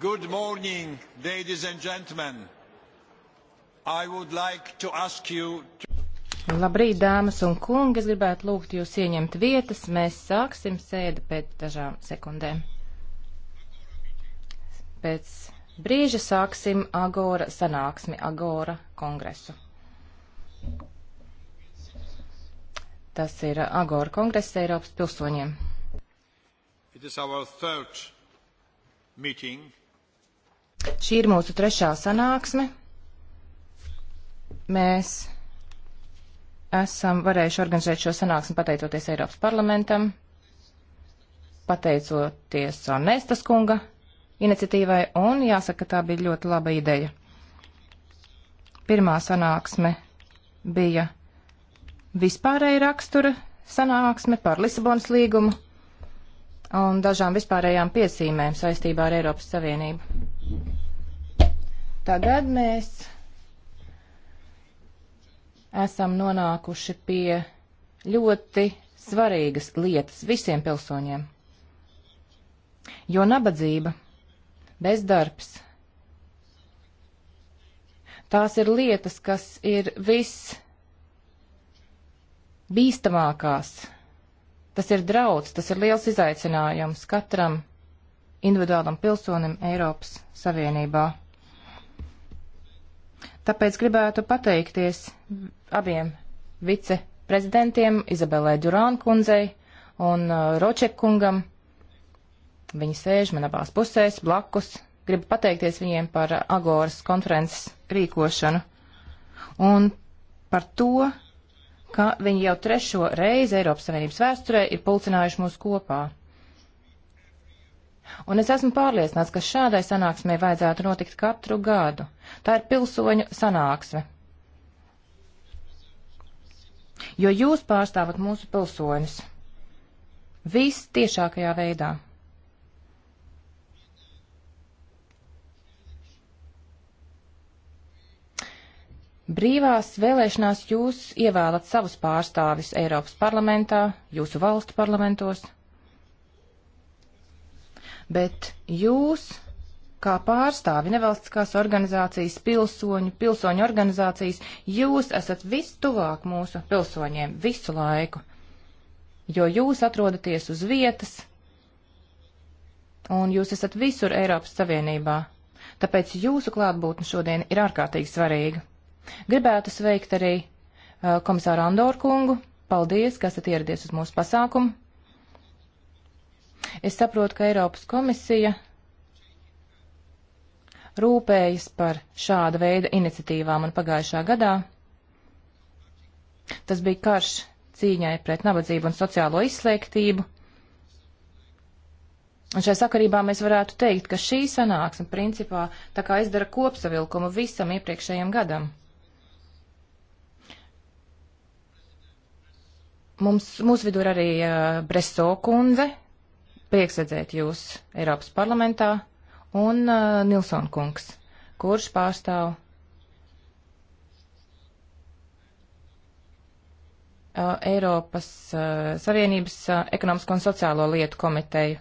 Good morning, ladies and gentlemen. I would like to ask you to... Labrīt, dāmas un kungi! Es gribētu lūgt jūs ieņemt vietas. Mēs sāksim sēdi pēc dažām sekundēm. Pēc brīža sāksim Agora sanāksmi, Agora kongresu. Tas ir Agora kongress Eiropas pilsoņiem. It is our third meeting Šī ir mūsu trešā sanāksme. Mēs esam varējuši organizēt šo sanāksmi pateicoties Eiropas parlamentam, pateicoties Onestas kunga iniciatīvai, un jāsaka, ka tā bija ļoti laba ideja. Pirmā sanāksme bija vispārēja rakstura sanāksme par Lisabonas līgumu un dažām vispārējām piesīmēm saistībā ar Eiropas Savienību. Tagad mēs esam nonākuši pie ļoti svarīgas lietas visiem pilsoņiem. Jo nabadzība, bezdarbs, tās ir lietas, kas ir viss bīstamākās. Tas ir draudz, tas ir liels izaicinājums katram individuālam pilsonim Eiropas Savienībā. Tāpēc gribētu pateikties abiem viceprezidentiem, Izabelē Durāna kundzei un uh, Roček kungam. Viņi sēž man abās pusēs, blakus. Gribu pateikties viņiem par uh, Agoras konferences rīkošanu un par to, ka viņi jau trešo reizi Eiropas Savienības vēsturē ir pulcinājuši mūs kopā. Un es esmu pārliecināts, ka šādai sanāksmē vajadzētu notikt katru gadu. Tā ir pilsoņu sanāksme. Jo jūs pārstāvat mūsu pilsoņus. Viss tiešākajā veidā. Brīvās vēlēšanās jūs ievēlat savus pārstāvis Eiropas parlamentā, jūsu valstu parlamentos bet jūs, kā pārstāvi nevalstiskās organizācijas, pilsoņu, pilsoņu organizācijas, jūs esat vistuvāk mūsu pilsoņiem visu laiku, jo jūs atrodaties uz vietas un jūs esat visur Eiropas Savienībā. Tāpēc jūsu klātbūtne šodien ir ārkārtīgi svarīga. Gribētu sveikt arī uh, komisāru Andoru kungu. Paldies, ka esat ieradies uz mūsu pasākumu. Es saprotu, ka Eiropas komisija rūpējas par šāda veida iniciatīvām un pagājušā gadā. Tas bija karš cīņai pret nabadzību un sociālo izslēgtību. Un šai sakarībā mēs varētu teikt, ka šī sanāksme principā tā kā izdara kopsavilkumu visam iepriekšējiem gadam. Mums, mūsu vidū ir arī uh, eh, Breso kundze, prieks redzēt jūs Eiropas parlamentā un uh, Nilson kungs, kurš pārstāv Uh, Eiropas uh, Savienības uh, ekonomisko un sociālo lietu komiteju,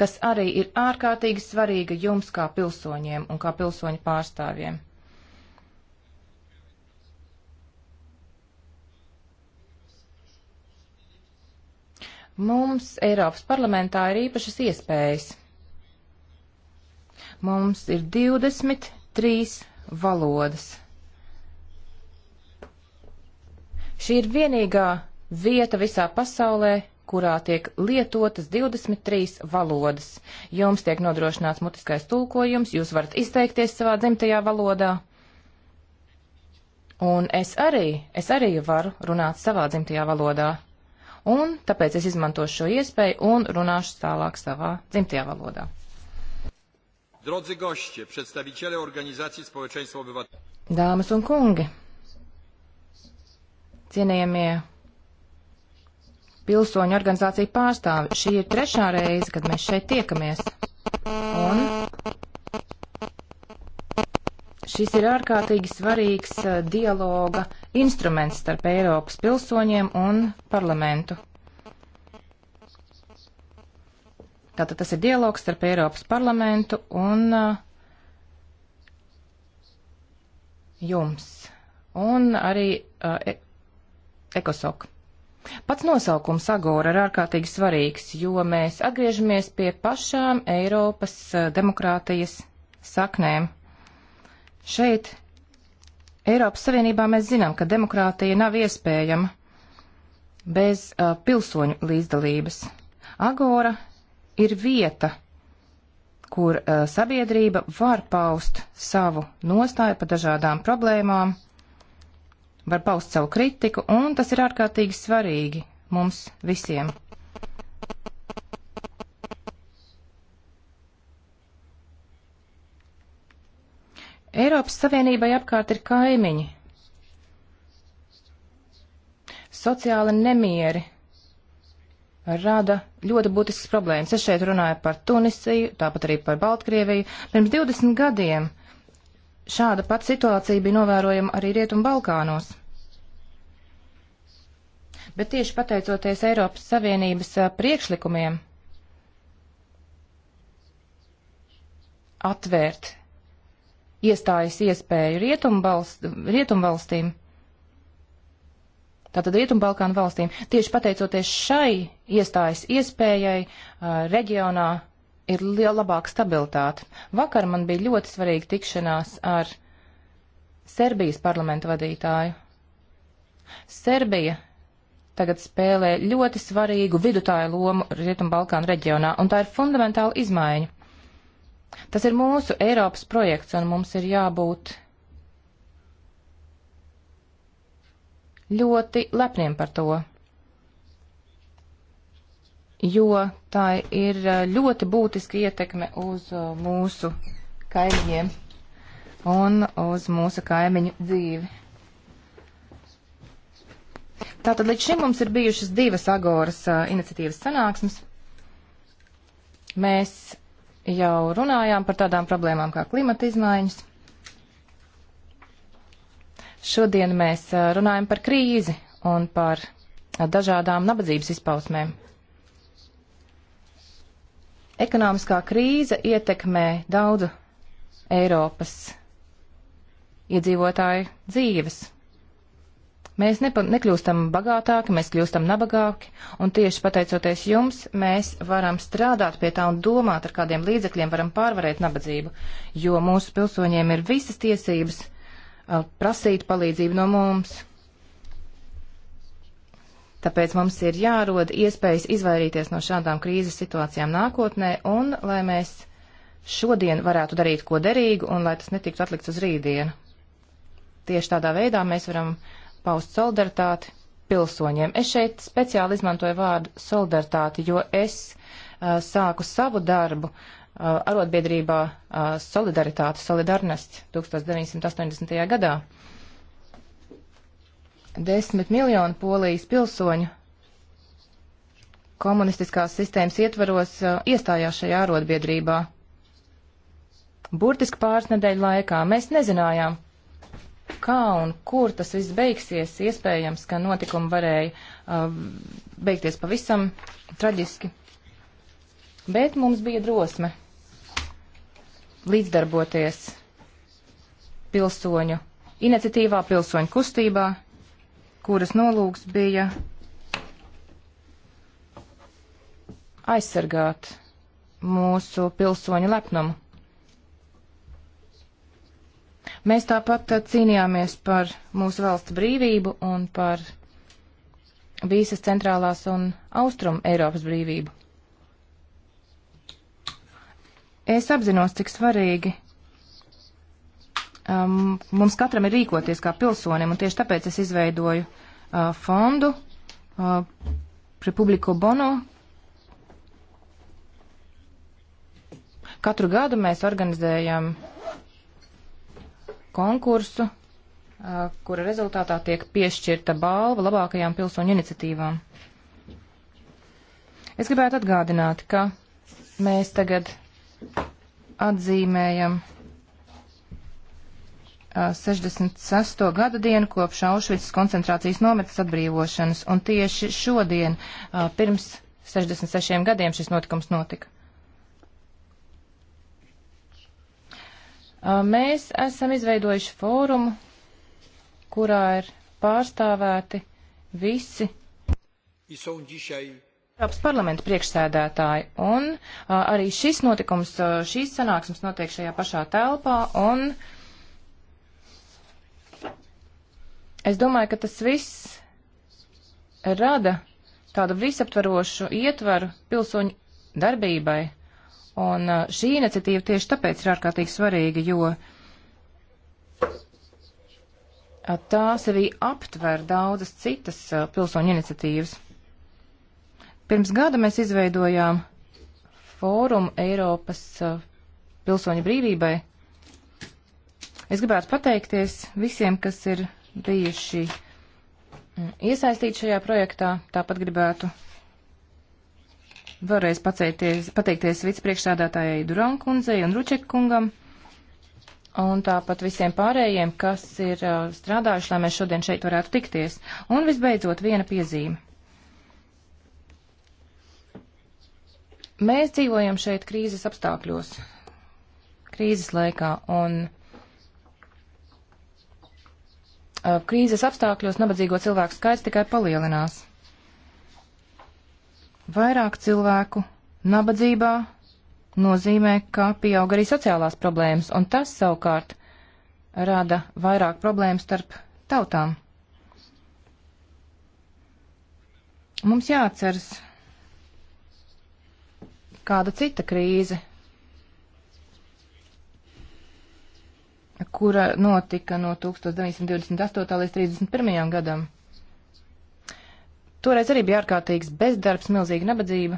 kas arī ir ārkārtīgi svarīga jums kā pilsoņiem un kā pilsoņu pārstāvjiem. Mums Eiropas parlamentā ir īpašas iespējas. Mums ir 23 valodas. Šī ir vienīgā vieta visā pasaulē, kurā tiek lietotas 23 valodas. Jums tiek nodrošināts mutiskais tulkojums, jūs varat izteikties savā dzimtajā valodā. Un es arī, es arī varu runāt savā dzimtajā valodā un tāpēc es izmantošu šo iespēju un runāšu tālāk savā dzimtajā valodā. Drodzy goście, przedstawiciele organizacji społeczeństwa obywatelskiego. Dāmas un kungi, cienījamie pilsoņu organizāciju pārstāvi, šī ir trešā reize, kad mēs šeit tiekamies. Šis ir ārkārtīgi svarīgs eh, dialoga instruments starp Eiropas pilsoņiem un parlamentu. Tātad tas ir dialogs starp Eiropas parlamentu un eh, jums un arī eh, e ekosok. Pats nosaukums Agora ir ārkārtīgi svarīgs, jo mēs atgriežamies pie pašām Eiropas demokrātijas saknēm. Šeit Eiropas Savienībā mēs zinām, ka demokrātija nav iespējama bez uh, pilsoņu līdzdalības. Agora ir vieta, kur uh, sabiedrība var paust savu nostāju par dažādām problēmām, var paust savu kritiku, un tas ir ārkārtīgi svarīgi mums visiem. Eiropas Savienībai apkārt ir kaimiņi, sociāli nemieri rada ļoti būtiskas problēmas. Es šeit runāju par Tunisiju, tāpat arī par Baltkrieviju. Pirms 20 gadiem šāda pat situācija bija novērojama arī Rietumu Balkānos. Bet tieši pateicoties Eiropas Savienības priekšlikumiem atvērt iestājas iespēju rietumvalstīm, tātad Rietumbalkānu valstīm, tieši pateicoties šai iestājas iespējai reģionā ir labāka stabilitāte. Vakar man bija ļoti svarīga tikšanās ar Serbijas parlamentu vadītāju. Serbija tagad spēlē ļoti svarīgu vidutāju lomu Rietumbalkānu reģionā, un tā ir fundamentāla izmaiņa. Tas ir mūsu Eiropas projekts, un mums ir jābūt ļoti lepniem par to, jo tā ir uh, ļoti būtiska ietekme uz uh, mūsu kaimiņiem un uz mūsu kaimiņu dzīvi. Tātad līdz šim mums ir bijušas divas Agoras uh, iniciatīvas sanāksmes. Mēs jau runājām par tādām problēmām kā klimata izmaiņas. Šodien mēs runājam par krīzi un par dažādām nabadzības izpausmēm. Ekonomiskā krīze ietekmē daudzu Eiropas iedzīvotāju dzīves. Mēs nepa, nekļūstam bagātāki, mēs kļūstam nabagāki, un tieši pateicoties jums, mēs varam strādāt pie tā un domāt, ar kādiem līdzekļiem varam pārvarēt nabadzību, jo mūsu pilsoņiem ir visas tiesības uh, prasīt palīdzību no mums. Tāpēc mums ir jārod iespējas izvairīties no šādām krīzes situācijām nākotnē, un lai mēs šodien varētu darīt ko derīgu, un lai tas netiktu atlikts uz rītdienu. Tieši tādā veidā mēs varam paust solidaritāti pilsoņiem. Es šeit speciāli izmantoju vārdu solidaritāti, jo es uh, sāku savu darbu uh, arotbiedrībā uh, Solidaritāte Solidarnost 1980. gadā. Desmit miljonu polijas pilsoņu komunistiskās sistēmas ietvaros uh, iestājās šajā arotbiedrībā. Burtiski pāris nedēļu laikā mēs nezinājām, kā un kur tas viss beigsies. Iespējams, ka notikumi varēja uh, beigties pavisam traģiski. Bet mums bija drosme līdzdarboties pilsoņu iniciatīvā, pilsoņu kustībā, kuras nolūks bija aizsargāt mūsu pilsoņu lepnumu. Mēs tāpat eh, cīnījāmies par mūsu valsts brīvību un par visas centrālās un austrum Eiropas brīvību. Es apzinos, cik svarīgi um, mums katram ir rīkoties kā pilsonim, un tieši tāpēc es izveidoju uh, fondu uh, Republiko Bono. Katru gadu mēs organizējam uh, konkursu, kura rezultātā tiek piešķirta balva labākajām pilsoņu iniciatīvām. Es gribētu atgādināt, ka mēs tagad atzīmējam 66. gada dienu kopš Aušvicas koncentrācijas nometnes atbrīvošanas, un tieši šodien, pirms 66 gadiem, šis notikums notika. Uh, mēs esam izveidojuši fórumu, kurā ir pārstāvēti visi Eiropas parlamenta priekšsēdētāji. Un uh, arī šis notikums, uh, šīs sanāksmes notiek šajā pašā telpā. Un es domāju, ka tas viss rada tādu visaptvarošu ietvaru pilsoņu darbībai Un uh, šī iniciatīva tieši tāpēc ir ārkārtīgi svarīga, jo uh, tā sevī aptver daudzas citas uh, pilsoņu iniciatīvas. Pirms gada mēs izveidojām fórumu Eiropas pilsoņu brīvībai. Es gribētu pateikties visiem, kas ir bijuši mm, iesaistīti šajā projektā. Tāpat gribētu vēlreiz pateikties, pateikties vicepriekšsādātājai Duran kundzei un Ruček kungam. Un tāpat visiem pārējiem, kas ir uh, strādājuši, lai mēs šodien šeit varētu tikties. Un visbeidzot, viena piezīme. Mēs dzīvojam šeit krīzes apstākļos, krīzes laikā, un uh, krīzes apstākļos nabadzīgo cilvēku skaits tikai palielinās. Vairāk cilvēku nabadzībā nozīmē, ka pieaug arī sociālās problēmas, un tas savukārt rada vairāk problēmu starp tautām. Mums jāatceras kāda cita krīze, kura notika no 1928. līdz 31. gadam. Toreiz arī bija ārkārtīgs bezdarbs, milzīga nabadzība,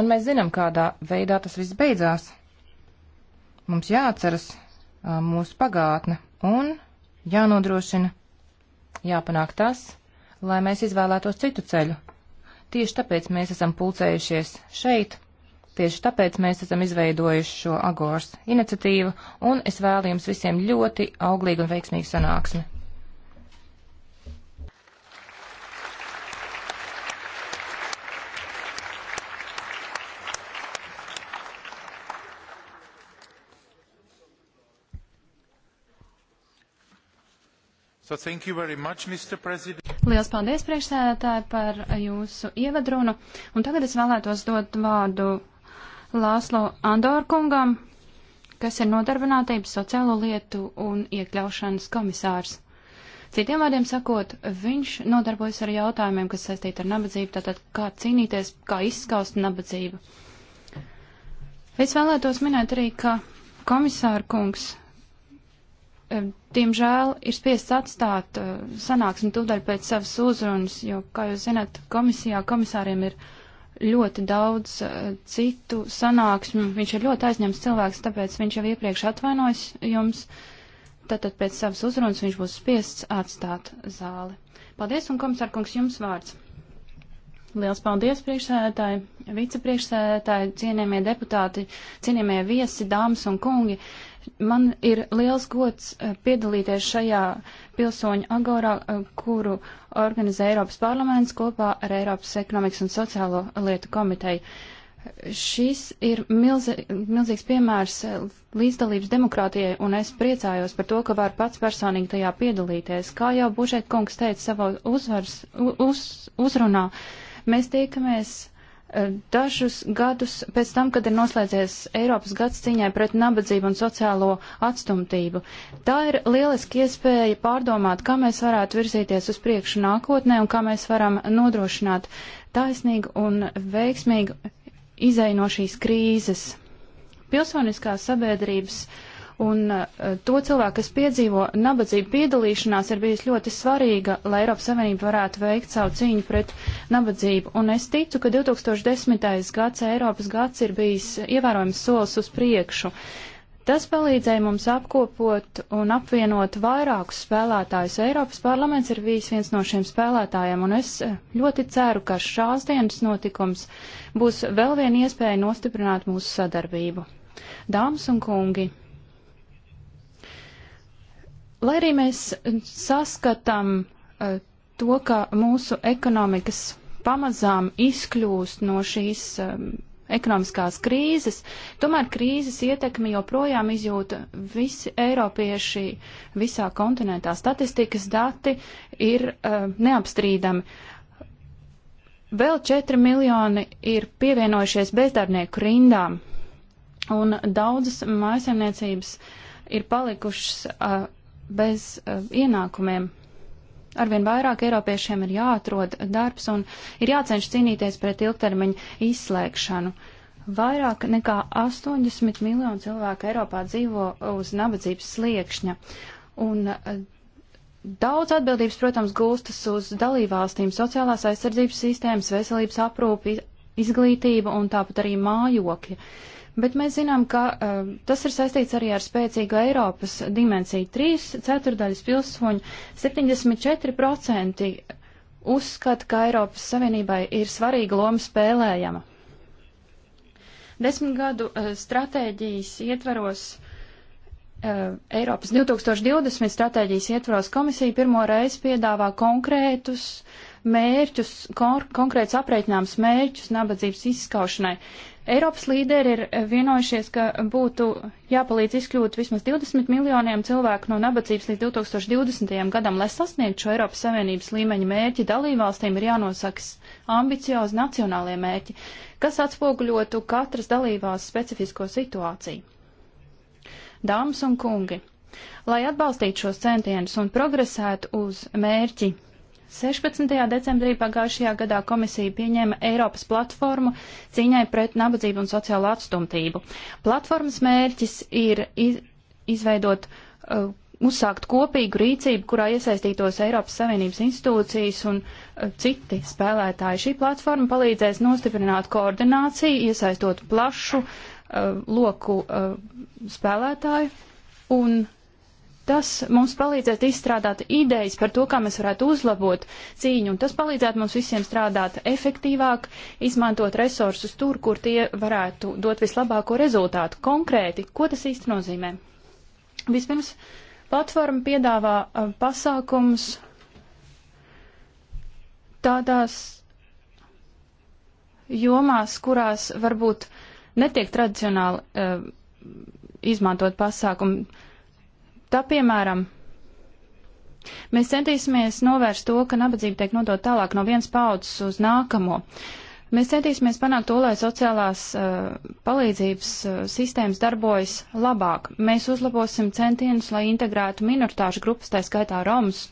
un mēs zinām, kādā veidā tas viss beidzās. Mums jāatceras mūsu pagātne un jānodrošina, jāpanāk tas, lai mēs izvēlētos citu ceļu. Tieši tāpēc mēs esam pulcējušies šeit, tieši tāpēc mēs esam izveidojuši šo Agors iniciatīvu, un es vēlu jums visiem ļoti auglīgu un veiksmīgu sanāksmi. So much, Lielas paldies, priekšsēdētāji, par jūsu ievadrunu. Un tagad es vēlētos dot vārdu Lāslo Andorkungam, kas ir nodarbinātības sociālo lietu un iekļaušanas komisārs. Citiem vārdiem sakot, viņš nodarbojas ar jautājumiem, kas saistīti ar nabadzību, tātad kā cīnīties, kā izskaust nabadzību. Es vēlētos minēt arī, ka komisāra kungs diemžēl, ir spiests atstāt eh, sanāksmi tūdaļ pēc savas uzrunas, jo, kā jūs zināt, komisijā komisāriem ir ļoti daudz eh, citu sanāksmi. Viņš ir ļoti aizņemts cilvēks, tāpēc viņš jau iepriekš atvainojas jums. Tātad pēc savas uzrunas viņš būs spiests atstāt zāli. Paldies, un komisārkungs, jums vārds. Liels paldies, priekšsēdētāji, vicepriekšsēdētāji, cienījamie deputāti, cienījamie viesi, dāmas un kungi. Uh, Man ir liels gods eh, piedalīties šajā pilsoņu agorā, eh, kuru organizē Eiropas parlaments kopā ar Eiropas ekonomikas un sociālo lietu komiteju. Šis ir milzi, milzīgs piemērs eh, līdzdalības demokrātijai, un es priecājos par to, ka var pats personīgi tajā piedalīties. Kā jau Bužētkungs teica savā uzvars, uz, uzrunā, mēs tiekamies dažus gadus pēc tam, kad ir noslēdzies Eiropas gads cīņai pret nabadzību un sociālo atstumtību. Tā ir lieliski iespēja pārdomāt, kā mēs varētu virzīties uz priekšu nākotnē un kā mēs varam nodrošināt taisnīgu un veiksmīgu izēju no šīs krīzes. Pilsoniskās sabiedrības uh, Un eh, to cilvēku, kas piedzīvo nabadzību, piedalīšanās ir bijusi ļoti svarīga, lai Eiropas Savienība varētu veikt savu cīņu pret nabadzību. Un es ticu, ka 2010. gads, Eiropas gads, ir bijis ievērojams solis uz priekšu. Tas palīdzēja mums apkopot un apvienot vairākus spēlētājus. Eiropas parlaments ir bijis viens no šiem spēlētājiem, un es eh, ļoti ceru, ka šās dienas notikums būs vēl viena iespēja nostiprināt mūsu sadarbību. Dāmas un kungi, Lai arī mēs saskatām uh, to, ka mūsu ekonomikas pamazām izkļūst no šīs um, ekonomiskās krīzes, tomēr krīzes ietekmi joprojām izjūta visi eiropieši visā kontinentā. Statistikas dati ir uh, neapstrīdami. Vēl 4 miljoni ir pievienojušies bezdarbnieku rindām, un daudzas mājasemniecības ir palikušas uh, bez uh, ienākumiem. Arvien vairāk eiropiešiem ir jāatrod darbs un ir jācenš cīnīties pret ilgtermiņu izslēgšanu. Vairāk nekā 80 miljonu cilvēku Eiropā dzīvo uz nabadzības sliekšņa. Un uh, daudz atbildības, protams, gūstas uz dalībvalstīm, sociālās aizsardzības sistēmas, veselības aprūpi, izglītība un tāpat arī mājokļi. Uh, Bet mēs zinām, ka uh, tas ir saistīts arī ar spēcīgu Eiropas dimensiju. 3 ceturdaļas pilsoņu 74% uzskata, ka Eiropas Savienībai ir svarīga loma spēlējama. Desmit gadu uh, stratēģijas ietvaros, uh, Eiropas 2020 stratēģijas ietvaros komisija pirmo reizi piedāvā konkrētus mērķus, kon konkrētus aprēķināms mērķus nabadzības izskaušanai. Uh, Eiropas līderi ir vienojušies, ka būtu jāpalīdz izkļūt vismaz 20 miljoniem cilvēku no nabadzības līdz 2020. gadam, lai sasniegtu šo Eiropas Savienības līmeņa mērķi. Dalībvalstīm ir jānosaka ambiciozi nacionālie mērķi, kas atspoguļotu katras dalībās specifisko situāciju. Dāmas un kungi, lai atbalstītu šos centienus un progresētu uz mērķi 16. decembrī pagājušajā gadā komisija pieņēma Eiropas platformu cīņai pret nabadzību un sociālo atstumtību. Platformas mērķis ir izveidot, uh, uzsākt kopīgu rīcību, kurā iesaistītos Eiropas Savienības institūcijas un uh, citi spēlētāji. Šī platforma palīdzēs nostiprināt koordināciju, iesaistot plašu uh, loku uh, spēlētāju un Tas mums palīdzētu izstrādāt idejas par to, kā mēs varētu uzlabot cīņu, un tas palīdzētu mums visiem strādāt efektīvāk, izmantot resursus tur, kur tie varētu dot vislabāko rezultātu. Konkrēti, ko tas īsti nozīmē? Vispirms, platforma piedāvā pasākums tādās jomās, kurās varbūt netiek tradicionāli uh, izmantot pasākumu. Tā piemēram, mēs centīsimies novērst to, ka nabadzība tiek nodot tālāk no vienas paudzes uz nākamo. Mēs centīsimies panākt to, lai sociālās uh, palīdzības uh, sistēmas darbojas labāk. Mēs uzlabosim centienus, lai integrētu minoritāšu grupas, tā skaitā Romas.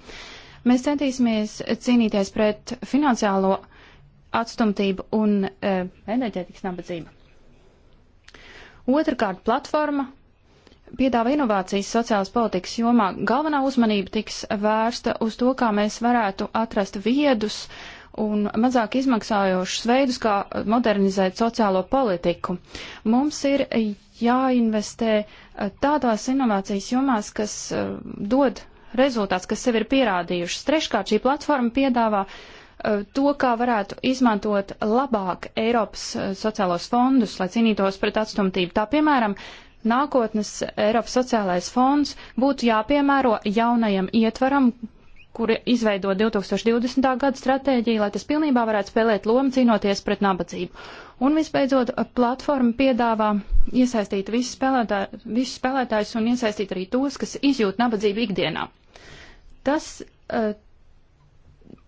Mēs centīsimies cīnīties pret finansiālo atstumtību un uh, enerģētikas nabadzību. Otrakārt, platforma piedāvā inovācijas sociālas politikas jomā, galvenā uzmanība tiks vērsta uz to, kā mēs varētu atrast viedus un mazāk izmaksājošus veidus, kā modernizēt sociālo politiku. Mums ir jāinvestē eh, tādās inovācijas jomās, kas eh, dod rezultāts, kas sev ir pierādījušas. Treškārt, šī platforma piedāvā eh, to, kā varētu izmantot labāk Eiropas sociālos fondus, lai cīnītos pret atstumtību. Tā piemēram, nākotnes Eiropas sociālais fonds būtu jāpiemēro jaunajam ietvaram, kuri izveido 2020. gada stratēģiju, lai tas pilnībā varētu spēlēt lomu cīnoties pret nabadzību. Un visbeidzot, platforma piedāvā iesaistīt visus, spēlētā, visus spēlētājus un iesaistīt arī tos, kas izjūt nabadzību ikdienā. Tas, eh,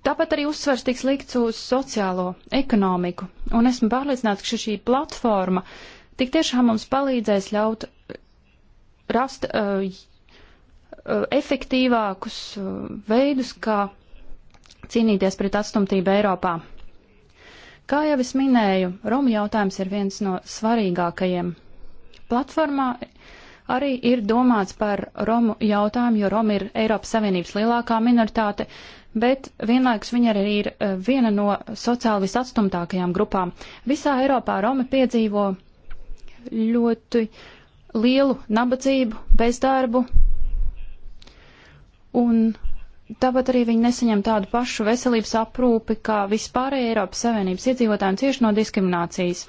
tāpat arī uzsvars tiks likts uz sociālo ekonomiku, un esmu pārliecināts, ka šī platforma uh, tik tiešām mums palīdzēs ļaut uh, rast uh, uh, efektīvākus uh, veidus, kā cīnīties pret atstumtību Eiropā. Kā jau es minēju, Romu jautājums ir viens no svarīgākajiem. Platformā arī ir domāts par Romu jautājumu, jo Roma ir Eiropas Savienības lielākā minoritāte, bet vienlaikus viņa arī ir uh, viena no sociāli visatstumtākajām grupām. Visā Eiropā Romi piedzīvo ļoti lielu nabadzību, bezdarbu, un tāpat arī viņi nesaņem tādu pašu veselības aprūpi, kā vispārējie Eiropas Savienības iedzīvotājiem cieši no diskriminācijas.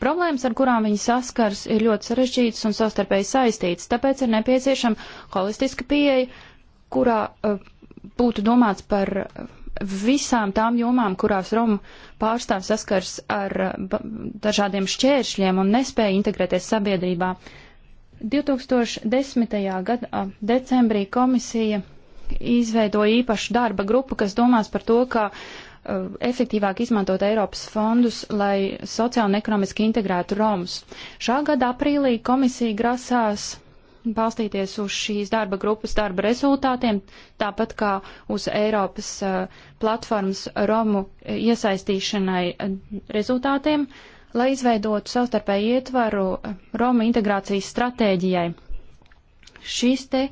Problēmas, ar kurām viņi saskars, ir ļoti sarežģītas un savstarpēji saistītas, tāpēc ir nepieciešama holistiska pieeja, kurā uh, būtu domāts par uh, visām tām jomām, kurās Roma pārstāv saskars ar eh, dažādiem šķēršļiem un nespēja integrēties sabiedrībā. 2010. gada decembrī komisija izveidoja īpašu darba grupu, kas domās par to, kā uh, efektīvāk izmantot Eiropas fondus, lai sociāli un ekonomiski integrētu Romus. Šā gada aprīlī komisija grasās uh, balstīties uz šīs darba grupas darba rezultātiem, tāpat kā uz Eiropas uh, platformas Romu uh, iesaistīšanai uh, rezultātiem, lai izveidotu savstarpēju ietvaru Romu integrācijas stratēģijai. Šis te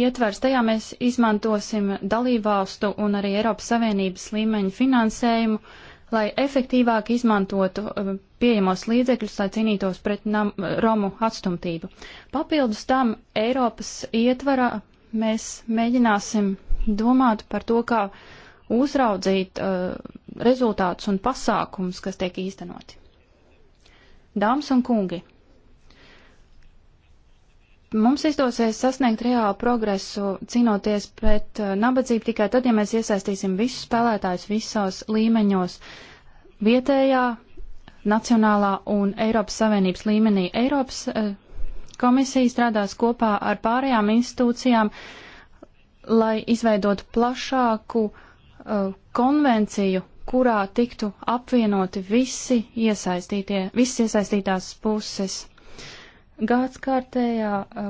ietvers, tajā mēs izmantosim dalībvalstu un arī Eiropas Savienības līmeņu finansējumu, uh, lai efektīvāk izmantotu um, pieejamos līdzekļus, lai cīnītos pret nam, Romu atstumtību. Papildus tam Eiropas ietvarā mēs mēģināsim domāt par to, kā uzraudzīt uh, rezultātus un pasākumus, kas tiek īstenoti. Dāmas un kungi! Mums izdosies sasniegt reālu progresu cīnoties pret uh, nabadzību tikai tad, ja mēs iesaistīsim visus spēlētājus visos līmeņos - vietējā, nacionālā un Eiropas Savienības līmenī. Eiropas eh, komisija strādās kopā ar pārējām institūcijām, lai izveidotu plašāku eh, konvenciju, kurā tiktu apvienoti visi iesaistītie, visas iesaistītās puses. Gads kārtējā uh,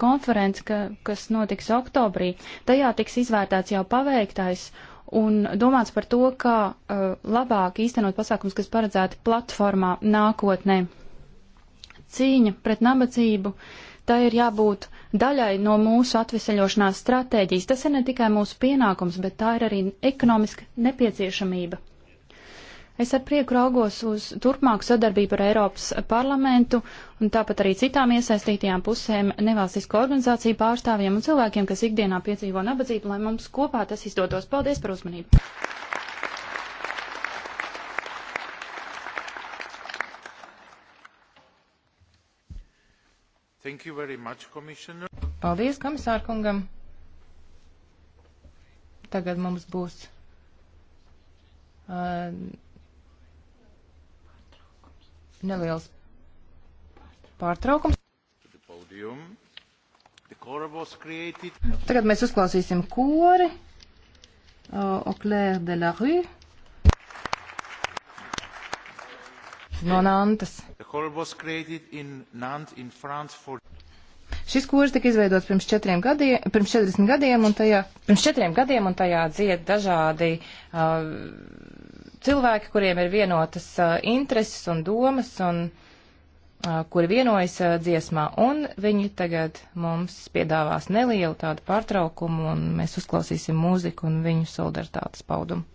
konference, ka, kas notiks oktobrī, tajā tiks izvērtēts jau paveiktais un domāts par to, kā uh, labāk īstenot pasākums, kas paredzēti platformā nākotnē. Cīņa pret nabadzību, tā ir jābūt daļai no mūsu atveseļošanās stratēģijas. Tas ir ne tikai mūsu pienākums, bet tā ir arī ekonomiska nepieciešamība. Es ar prieku raugos uz turpmāku sadarbību ar Eiropas parlamentu un tāpat arī citām iesaistītajām pusēm, nevalstisko organizāciju pārstāvjiem un cilvēkiem, kas ikdienā piedzīvo nabadzību, lai mums kopā tas izdotos. Paldies par uzmanību! Much, Paldies komisārkungam! Tagad mums būs. Uh, neliels pārtraukums. Tagad mēs uzklausīsim kori uh, Au Clair de la Rue no Nantes. Šis kurs tika izveidots pirms, gadiem, pirms 40 gadiem, un tajā, pirms četriem gadiem, un tajā dzied dažādi uh, cilvēki, kuriem ir vienotas intereses un domas un kuri vienojas dziesmā, un viņi tagad mums piedāvās nelielu tādu pārtraukumu, un mēs uzklausīsim mūziku un viņu solidaritātes paudumu.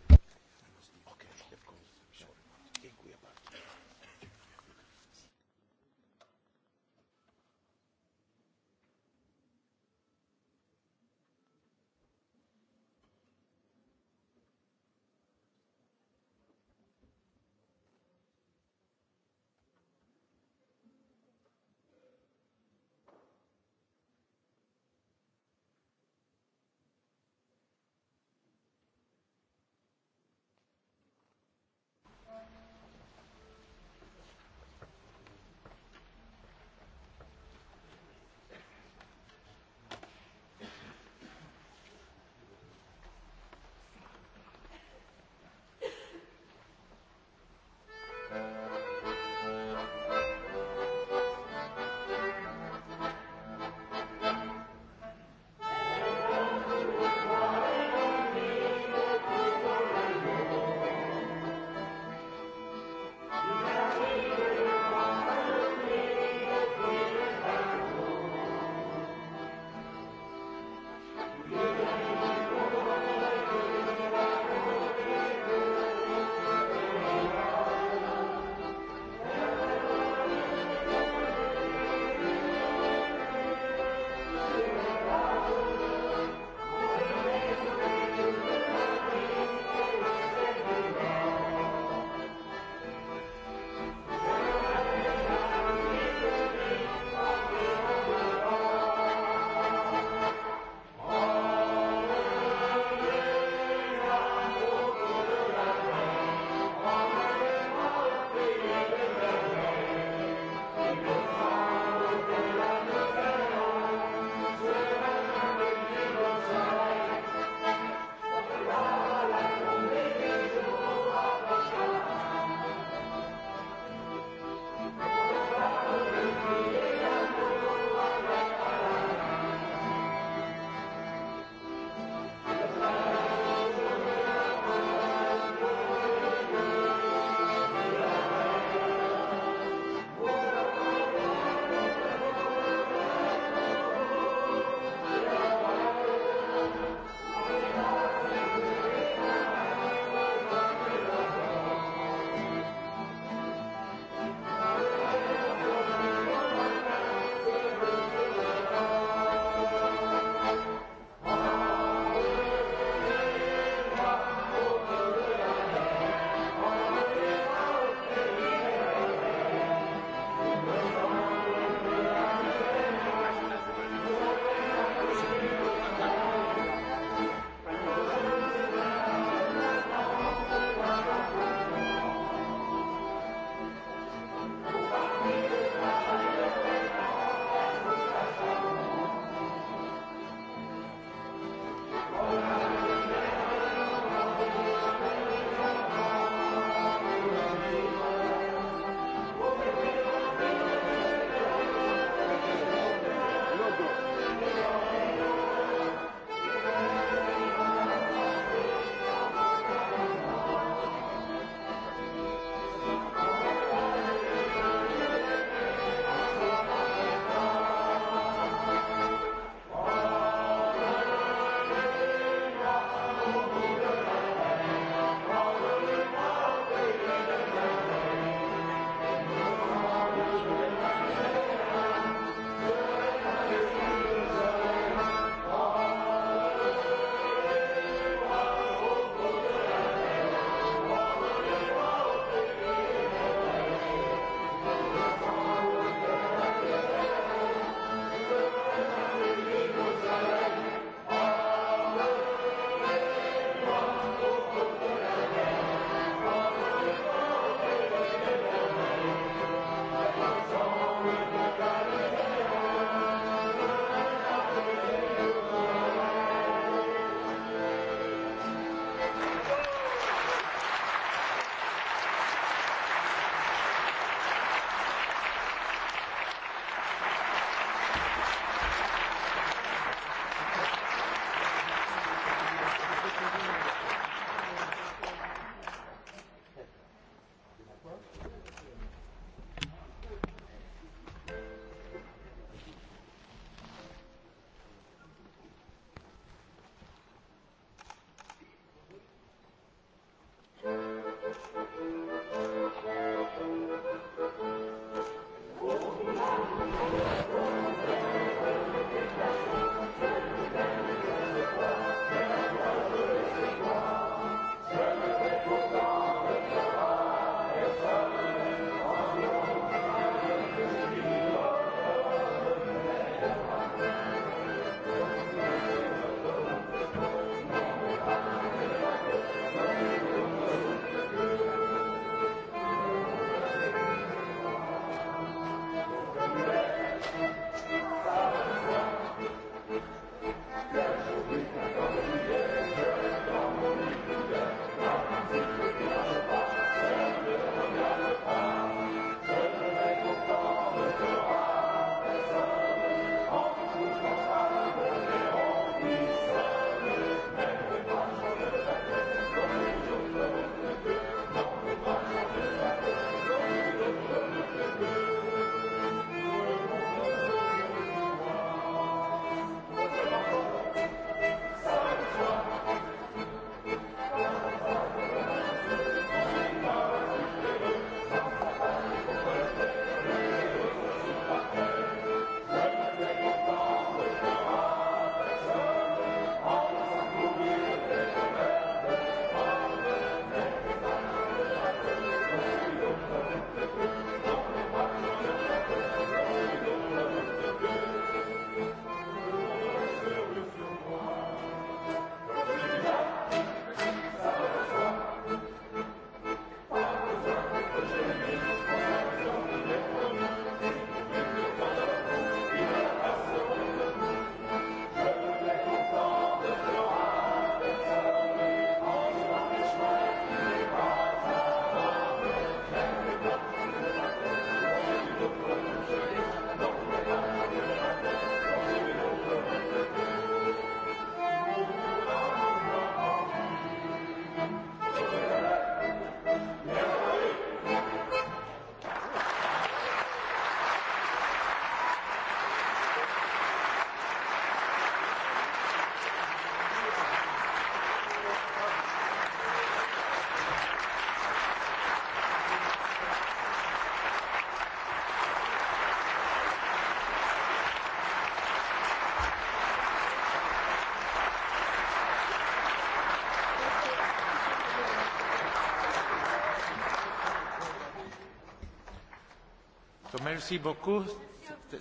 Merci beaucoup.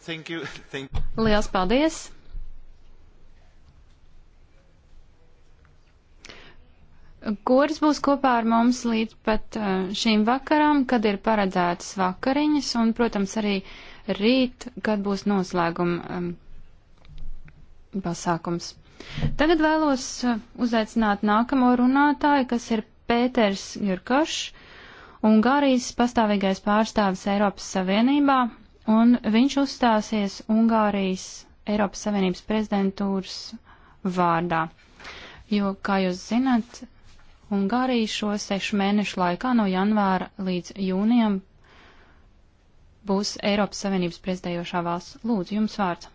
Thank you. Thank you. Liels paldies. kuras būs kopā ar mums līdz pat uh, šīm vakaram, kad ir paredzētas vakariņas, un, protams, arī rīt, kad būs noslēguma um, pasākums. Tagad vēlos uh, uzaicināt nākamo runātāju, kas ir Pēters Jurkošs, Ungārijas pastāvīgais pārstāvis Eiropas Savienībā, un viņš uzstāsies Ungārijas Eiropas Savienības prezidentūras vārdā. Jo, kā jūs zināt, Ungārija šo sešu mēnešu laikā no janvāra līdz jūnijam būs Eiropas Savienības prezidējošā valsts. Lūdzu, jums vārds.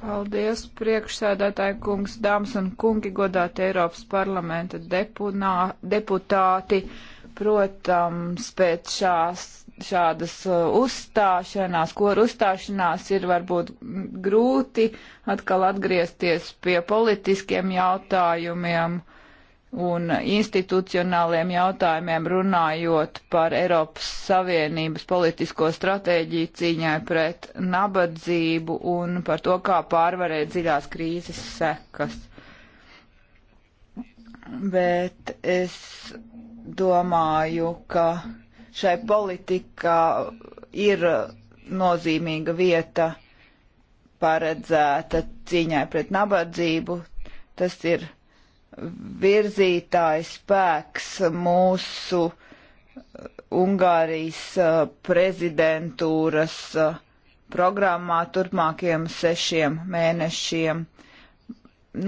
Paldies, priekšsēdētāji kungs, dāmas un kungi, godāti Eiropas parlamenta depunā, deputāti. Protams, pēc šās, šādas uh, uzstāšanās, kur uzstāšanās ir varbūt grūti atkal atgriezties pie politiskiem jautājumiem un institucionāliem jautājumiem runājot par Eiropas Savienības politisko stratēģiju cīņai pret nabadzību un par to, kā pārvarēt dziļās krīzes sekas. Bet es domāju, ka šai politikā ir nozīmīga vieta paredzēta cīņai pret nabadzību. Tas ir virzītājs spēks mūsu uh, Ungārijas uh, prezidentūras uh, programmā turpmākiem sešiem mēnešiem.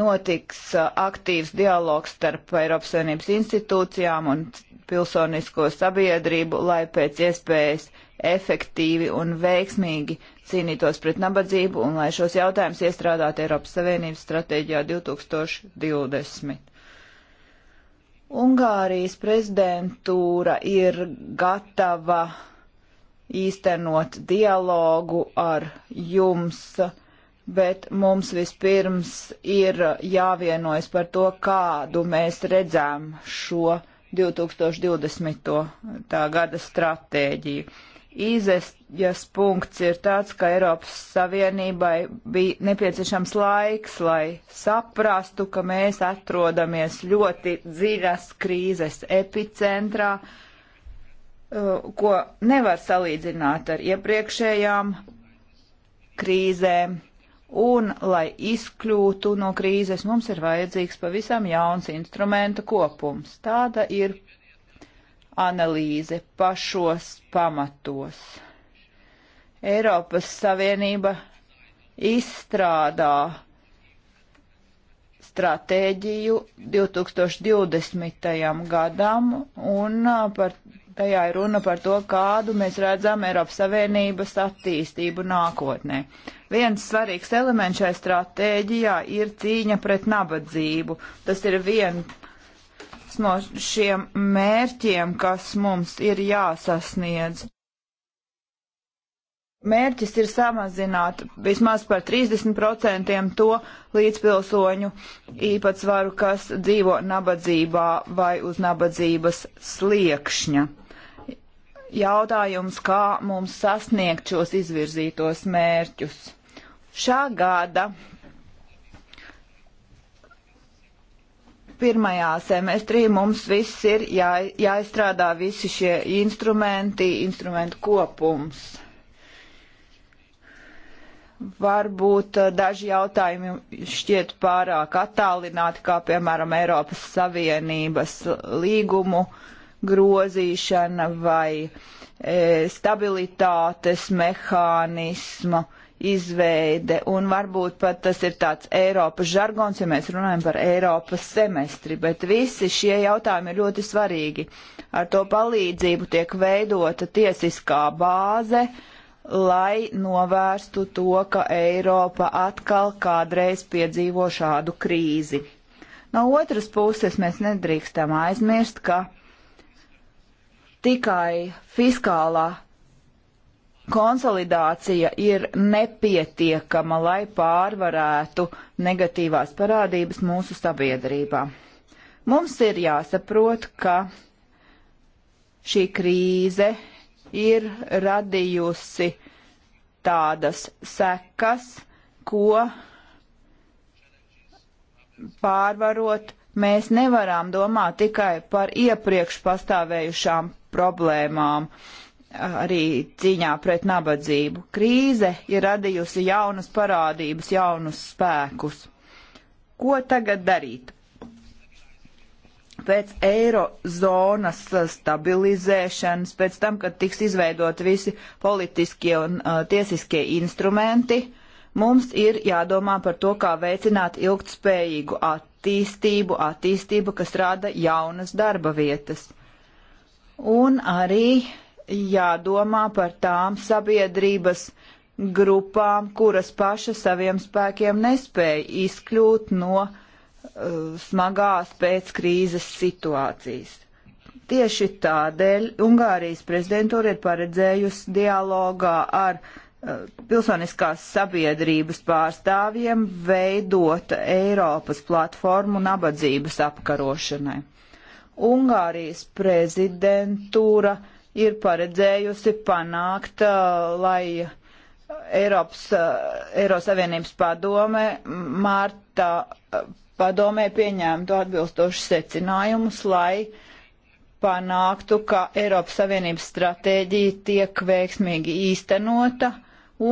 Notiks aktīvs dialogs starp Eiropas Savienības institūcijām un pilsonisko sabiedrību, lai pēc iespējas uh, efektīvi un veiksmīgi cīnītos pret nabadzību un lai šos jautājumus iestrādātu Eiropas Savienības stratēģijā 2020. Ungārijas prezidentūra ir gatava īstenot dialogu ar jums, bet mums vispirms ir jāvienojas par to, kādu mēs redzam šo 2020. gada stratēģiju izējas punkts ir tāds, ka Eiropas Savienībai bija nepieciešams laiks, lai saprastu, ka mēs atrodamies ļoti dziļas krīzes epicentrā, uh, ko nevar salīdzināt ar iepriekšējām krīzēm. Un, lai izkļūtu no krīzes, mums ir vajadzīgs pavisam jauns instrumenta kopums. Tāda ir analīze pašos pamatos. Eiropas Savienība izstrādā stratēģiju 2020. gadam un par, tajā ir runa par to, kādu mēs redzam Eiropas Savienības attīstību nākotnē. Viens svarīgs elements šai stratēģijā ir cīņa pret nabadzību. Tas ir viens viens no šiem mērķiem, kas mums ir jāsasniedz. Mērķis ir samazināt vismaz par 30% to līdzpilsoņu īpatsvaru, kas dzīvo nabadzībā vai uz nabadzības sliekšņa. Jautājums, kā mums sasniegt šos izvirzītos mērķus. Šā gada pirmajā semestrī mums viss ir jā, jāizstrādā visi šie instrumenti, instrumentu kopums. Varbūt eh, daži jautājumi šķiet pārāk attālināti, kā piemēram Eiropas Savienības līgumu grozīšana vai e, stabilitātes mehānisma izveide, un varbūt pat tas ir tāds Eiropas žargons, ja mēs runājam par Eiropas semestri, bet visi šie jautājumi ir ļoti svarīgi. Ar to palīdzību tiek veidota tiesiskā bāze, lai novērstu to, ka Eiropa atkal kādreiz piedzīvo šādu krīzi. No otras puses mēs nedrīkstam aizmirst, ka tikai fiskālā konsolidācija ir nepietiekama, lai pārvarētu negatīvās parādības mūsu sabiedrībā. Mums ir jāsaprot, ka šī krīze ir radījusi tādas sekas, ko pārvarot mēs nevaram domāt tikai par iepriekš pastāvējušām problēmām. Uh, arī cīņā pret nabadzību. Krīze ir radījusi jaunas parādības, jaunus spēkus. Ko tagad darīt? Pēc eirozonas stabilizēšanas, pēc tam, kad tiks izveidot visi politiskie un uh, tiesiskie instrumenti, mums ir jādomā par to, kā veicināt ilgtspējīgu attīstību, attīstību, kas rada jaunas darba vietas. Un arī uh, jādomā par tām sabiedrības grupām, kuras paša saviem spēkiem nespēja izkļūt no uh, smagās pēckrīzes situācijas. Tieši tādēļ Ungārijas prezidentūra ir paredzējusi dialogā ar uh, pilsoniskās sabiedrības pārstāvjiem veidot Eiropas platformu nabadzības apkarošanai. Ungārijas prezidentūra uh, ir paredzējusi panākt, lai Eiropas, Eiropas Savienības padome Mārta padomē pieņēmtu atbilstošus secinājumus, lai panāktu, ka Eiropas Savienības stratēģija tiek veiksmīgi īstenota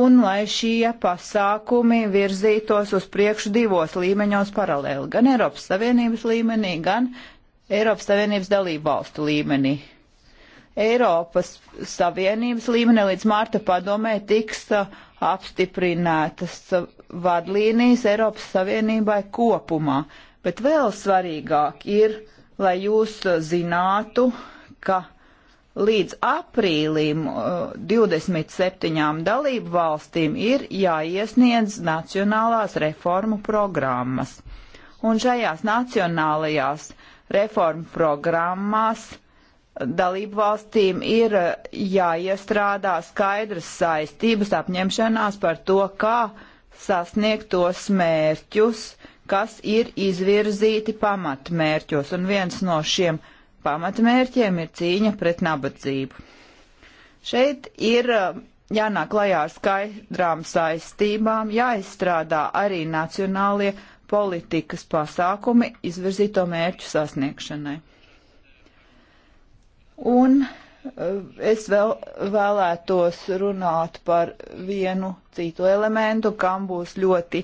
un lai šie pasākumi virzītos uz priekšu divos līmeņos paralēli, gan Eiropas Savienības līmenī, gan Eiropas Savienības dalību valstu līmenī. Eiropas Savienības līmenī līdz Mārta padomē tiks uh, apstiprinātas uh, vadlīnijas Eiropas Savienībai kopumā. Bet vēl svarīgāk ir, lai jūs uh, zinātu, ka līdz aprīlim 27 dalību valstīm ir jāiesniedz nacionālās reformu programmas. Un šajās nacionālajās reformu programmās dalību valstīm ir eh, jāiestrādā skaidras saistības apņemšanās par to, kā sasniegt tos mērķus, kas ir izvirzīti pamatmērķos, un viens no šiem pamatmērķiem ir cīņa pret nabadzību. Šeit ir eh, jānāk klajā ar skaidrām saistībām, jāizstrādā arī nacionālie politikas pasākumi izvirzīto mērķu sasniegšanai. Un eh, es vēl vēlētos runāt par vienu citu elementu, kam būs ļoti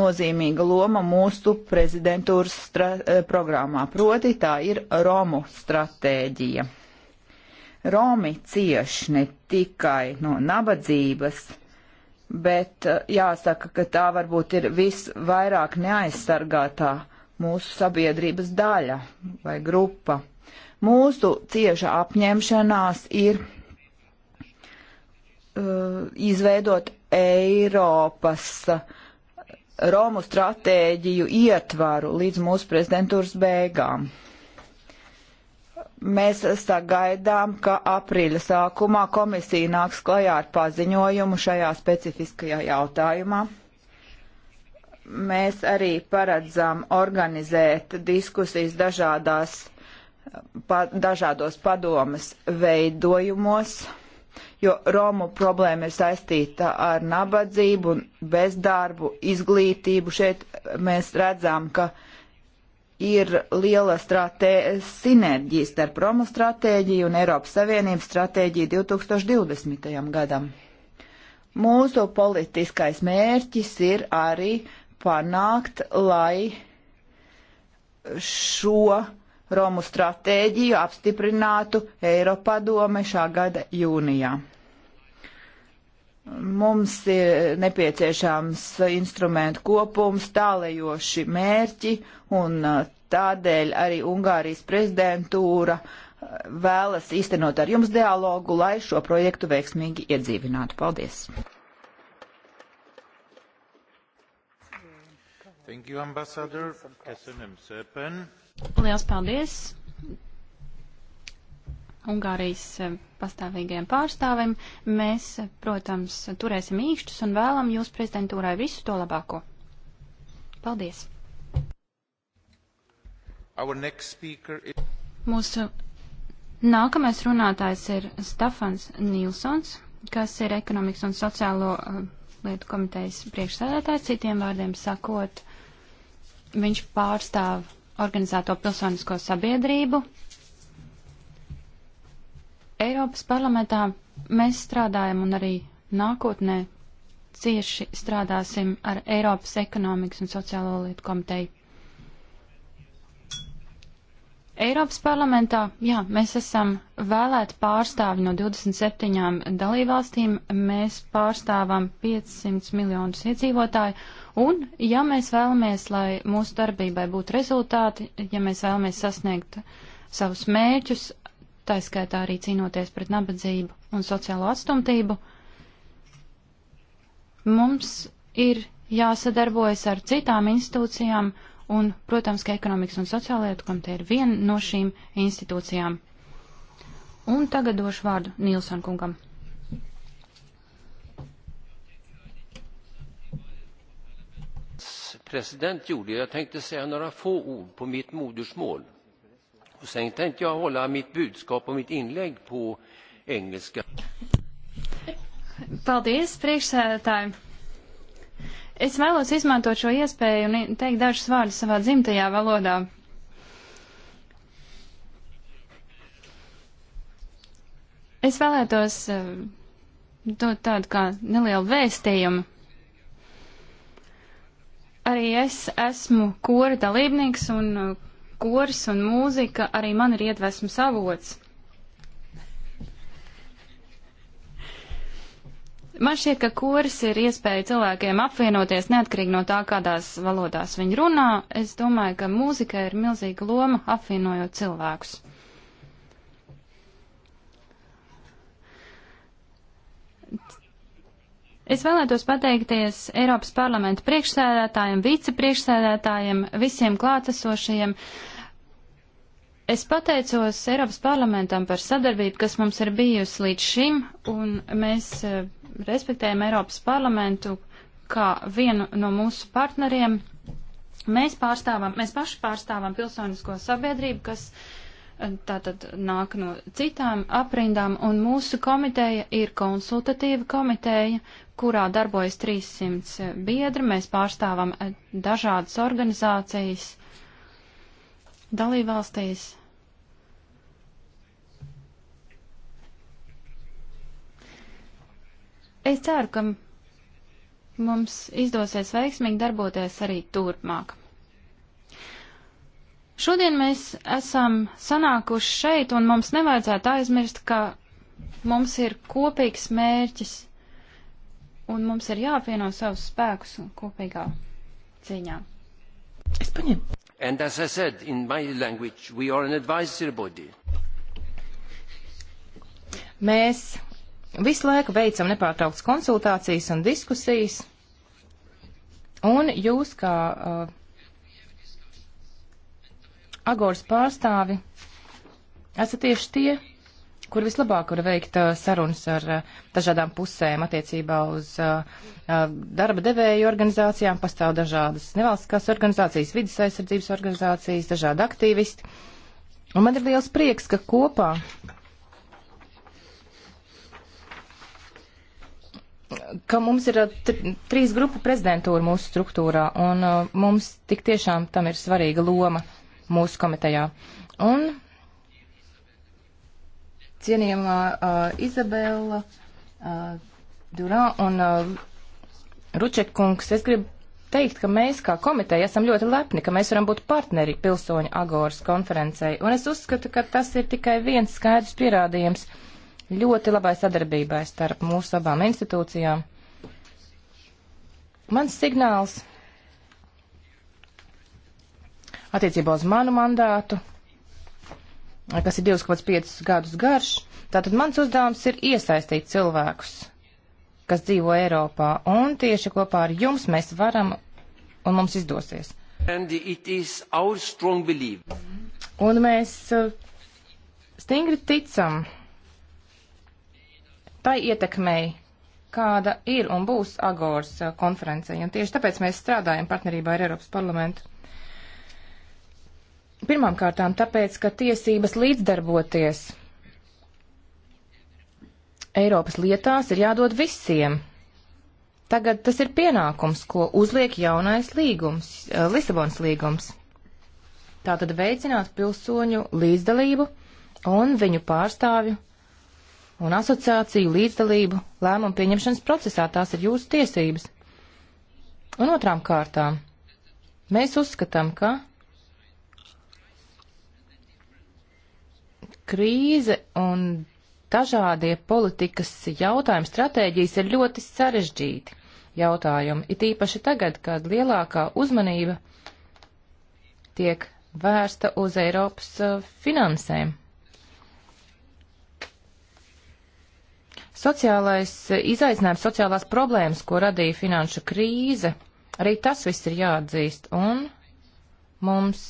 nozīmīga loma mūsu prezidentūras eh, programmā. Proti tā ir Romu stratēģija. Romi cieš ne tikai no nabadzības, bet eh, jāsaka, ka tā varbūt ir visvairāk neaizsargātā mūsu sabiedrības daļa vai grupa. Mūsu cieša apņemšanās ir uh, izveidot Eiropas uh, Romu stratēģiju ietvaru līdz mūsu prezidentūras beigām mēs sagaidām, ka aprīļa sākumā komisija nāks klajā ar paziņojumu šajā specifiskajā jautājumā. Mēs arī paredzam organizēt diskusijas dažādās pa, dažādos padomas veidojumos, jo Romu problēma ir saistīta ar nabadzību, bezdarbu, izglītību. Šeit mēs redzam, ka ir liela stratē, sinerģija starp Romu stratēģiju un Eiropas Savienības stratēģiju 2020. gadam. Mūsu politiskais mērķis ir arī panākt, lai šo uh, Romu stratēģiju apstiprinātu Eiropadome šā gada jūnijā. Mums ir nepieciešams instrumentu kopums, tālējoši mērķi, un uh, tādēļ arī Ungārijas prezidentūra uh, vēlas īstenot ar jums dialogu, lai šo projektu veiksmīgi iedzīvinātu. Paldies! Thank you, Ambassador. Köszönöm szépen. Liels paldies Ungārijas eh, pastāvīgajiem pārstāvim. Mēs, eh, protams, turēsim īkšķus un vēlam jūs prezidentūrai visu to labāko. Paldies! Is... Mūsu nākamais runātājs ir Stefans Nilsons, kas ir ekonomikas un sociālo eh, lietu komitejas priekšsēdētājs, citiem vārdiem sakot, viņš pārstāv organizēto pilsonisko sabiedrību. Eiropas parlamentā mēs strādājam un arī nākotnē cieši strādāsim ar Eiropas ekonomikas un sociālo lietu komiteju. Eiropas parlamentā, jā, mēs esam vēlēti pārstāvi no 27 dalībvalstīm, mēs pārstāvam 500 miljonus iedzīvotāju, un ja mēs vēlamies, lai mūsu darbībai būtu rezultāti, ja mēs vēlamies sasniegt savus mērķus, tā skaitā arī cīnoties pret nabadzību un sociālo atstumtību, mums ir jāsadarbojas ar citām institūcijām un, protams, ka ekonomikas un sociālajā komiteja ir viena no šīm institūcijām. Un tagad došu vārdu Nilson kungam. president gjorde. Jag tänkte säga några få ord på mitt modersmål. Och sen tänkte jag hålla mitt budskap och mitt inlägg på engelska. Paldies, priekšsēdētāji! Es vēlos izmantot šo iespēju un teikt dažus vārdus savā dzimtajā valodā. Es vēlētos eh, dot tādu kā nelielu vēstījumu. Arī es esmu kora dalībnieks un eh, kors un mūzika arī man ir iedvesmas avots. Man šķiet, ka kurs ir iespēja cilvēkiem apvienoties neatkarīgi no tā, kādās valodās viņi runā. Es domāju, ka mūzikai ir milzīga loma apvienojot cilvēkus. Es vēlētos pateikties Eiropas parlamenta priekšsēdētājiem, vicepriekšsēdētājiem, visiem klātesošajiem. Uh, Es pateicos Eiropas parlamentam par sadarbību, kas mums ir bijusi līdz šim, un mēs eh, respektējam Eiropas parlamentu kā vienu no mūsu partneriem. Mēs pārstāvam, mēs paši pārstāvam pilsonisko sabiedrību, kas eh, tātad nāk no citām aprindām, un mūsu komiteja ir konsultatīva komiteja, kurā darbojas 300 biedri. Mēs pārstāvam eh, dažādas organizācijas, dalībvalstīs. Es ceru, ka mums izdosies veiksmīgi darboties arī turpmāk. Šodien mēs esam sanākuši šeit, un mums nevajadzētu aizmirst, ka mums ir kopīgs mērķis, un mums ir jāapvieno savus spēkus kopīgā cīņā. Es paņemu and as i said in my language we are an advisory body mēs visu laiku veicam nepārtrauktas konsultācijas un diskusijas un jūs kā uh, agoras pārstāvi esat tieši tie kur vislabāk var veikt uh, sarunas ar uh, dažādām pusēm attiecībā uz uh, darba devēju organizācijām. Pastāv dažādas nevalstiskās organizācijas, vidas aizsardzības organizācijas, dažādi aktīvisti. Un man ir liels prieks, ka kopā ka mums ir trīs grupu prezidentūra mūsu struktūrā, un mums tik tiešām tam ir svarīga loma mūsu komitejā. Un Cienījamā uh, Izabela, uh, Durant un uh, Ručekungs, es gribu teikt, ka mēs kā komiteja esam ļoti lepni, ka mēs varam būt partneri pilsoņu agoras konferencei, un es uzskatu, ka tas ir tikai viens skaidrs pierādījums ļoti labai sadarbībai starp mūsu abām institūcijām. Mans signāls attiecībā uz manu mandātu kas ir 2,5 gadus garš. Tātad mans uzdevums ir iesaistīt cilvēkus, kas dzīvo Eiropā, un tieši kopā ar jums mēs varam un mums izdosies. Un mēs uh, stingri ticam tai ietekmei, kāda ir un būs Agoras uh, konferencei, un tieši tāpēc mēs strādājam partnerībā ar Eiropas parlamentu. Pirmkārtām tāpēc, ka tiesības līdzdarboties Eiropas lietās ir jādod visiem. Tagad tas ir pienākums, ko uzliek jaunais līgums, eh, Lisabonas līgums. Tātad veicināt pilsoņu līdzdalību un viņu pārstāvju un asociāciju līdzdalību lēmumu pieņemšanas procesā. Tās ir jūsu tiesības. Un otrām kārtām mēs uzskatām, ka krīze un dažādie politikas jautājumi, stratēģijas ir ļoti sarežģīti jautājumi, it īpaši tagad, kad lielākā uzmanība tiek vērsta uz Eiropas uh, finansēm. Sociālais uh, izaicinājums, sociālās problēmas, ko radīja finanšu krīze, arī tas viss ir jāatzīst, un mums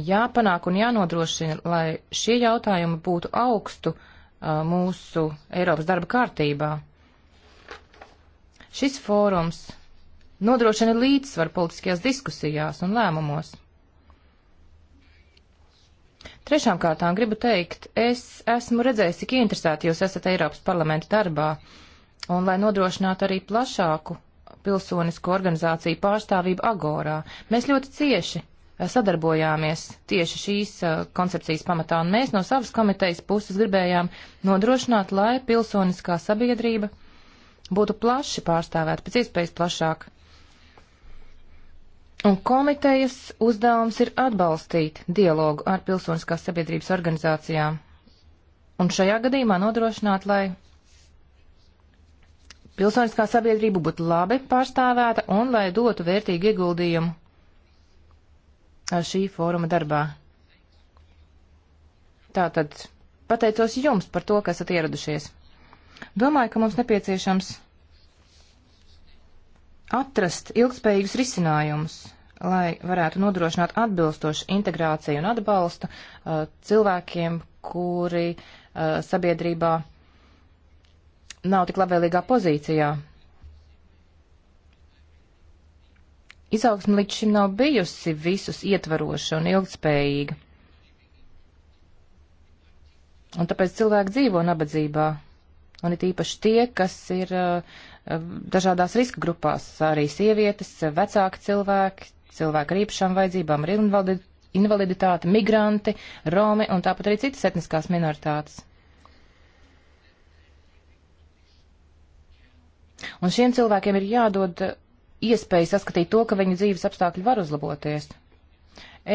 jāpanāk un jānodrošina, lai šie jautājumi būtu augstu uh, mūsu Eiropas darba kārtībā. Šis fórums nodrošina līdzsvaru politiskajās diskusijās un lēmumos. Trešām kārtām gribu teikt, es esmu redzējis, cik interesēti jūs esat Eiropas parlamenta darbā, un lai nodrošinātu arī plašāku pilsonisko organizāciju pārstāvību Agorā, mēs ļoti cieši Eh, sadarbojāmies tieši šīs eh, koncepcijas pamatā, un mēs no savas komitejas puses gribējām nodrošināt, lai pilsoniskā sabiedrība būtu plaši pārstāvēta, pēc iespējas plašāk. Un komitejas uzdevums ir atbalstīt dialogu ar pilsoniskās sabiedrības organizācijām, un šajā gadījumā nodrošināt, lai pilsoniskā sabiedrība būtu labi pārstāvēta un lai dotu vērtīgu ieguldījumu šī fóruma darbā. Tātad pateicos jums par to, ka esat ieradušies. Domāju, ka mums nepieciešams atrast ilgspējīgus risinājumus, lai varētu nodrošināt atbilstošu integrāciju un atbalstu uh, cilvēkiem, kuri uh, sabiedrībā nav tik labvēlīgā pozīcijā. Izaugsme līdz šim nav bijusi visus ietvaroša un ilgspējīga. Un tāpēc cilvēki dzīvo nabadzībā. Un it īpaši tie, kas ir uh, dažādās riska grupās, arī sievietes, vecāki cilvēki, cilvēki ar īpašām vajadzībām, ar invaliditāti invaliditāte, migranti, romi un tāpat arī citas etniskās minoritātes. Un šiem cilvēkiem ir jādod iespēja saskatīt to, ka viņu dzīves apstākļi var uzlaboties.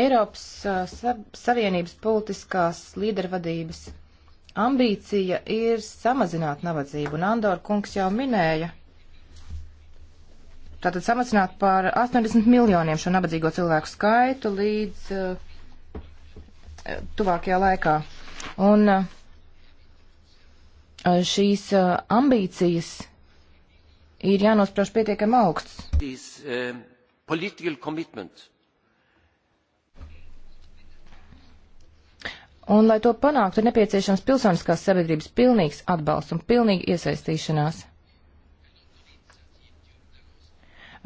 Eiropas uh, Savienības politiskās līdervadības ambīcija ir samazināt nabadzību, un Andor kungs jau minēja. Tātad samazināt par 80 miljoniem šo nabadzīgo cilvēku skaitu līdz uh, tuvākajā laikā. Un uh, šīs ambīcijas ir jānosprauž pietiekami augsts. These, um, Un, lai to panāktu, ir nepieciešams pilsoniskās sabiedrības pilnīgs atbalsts un pilnīga iesaistīšanās.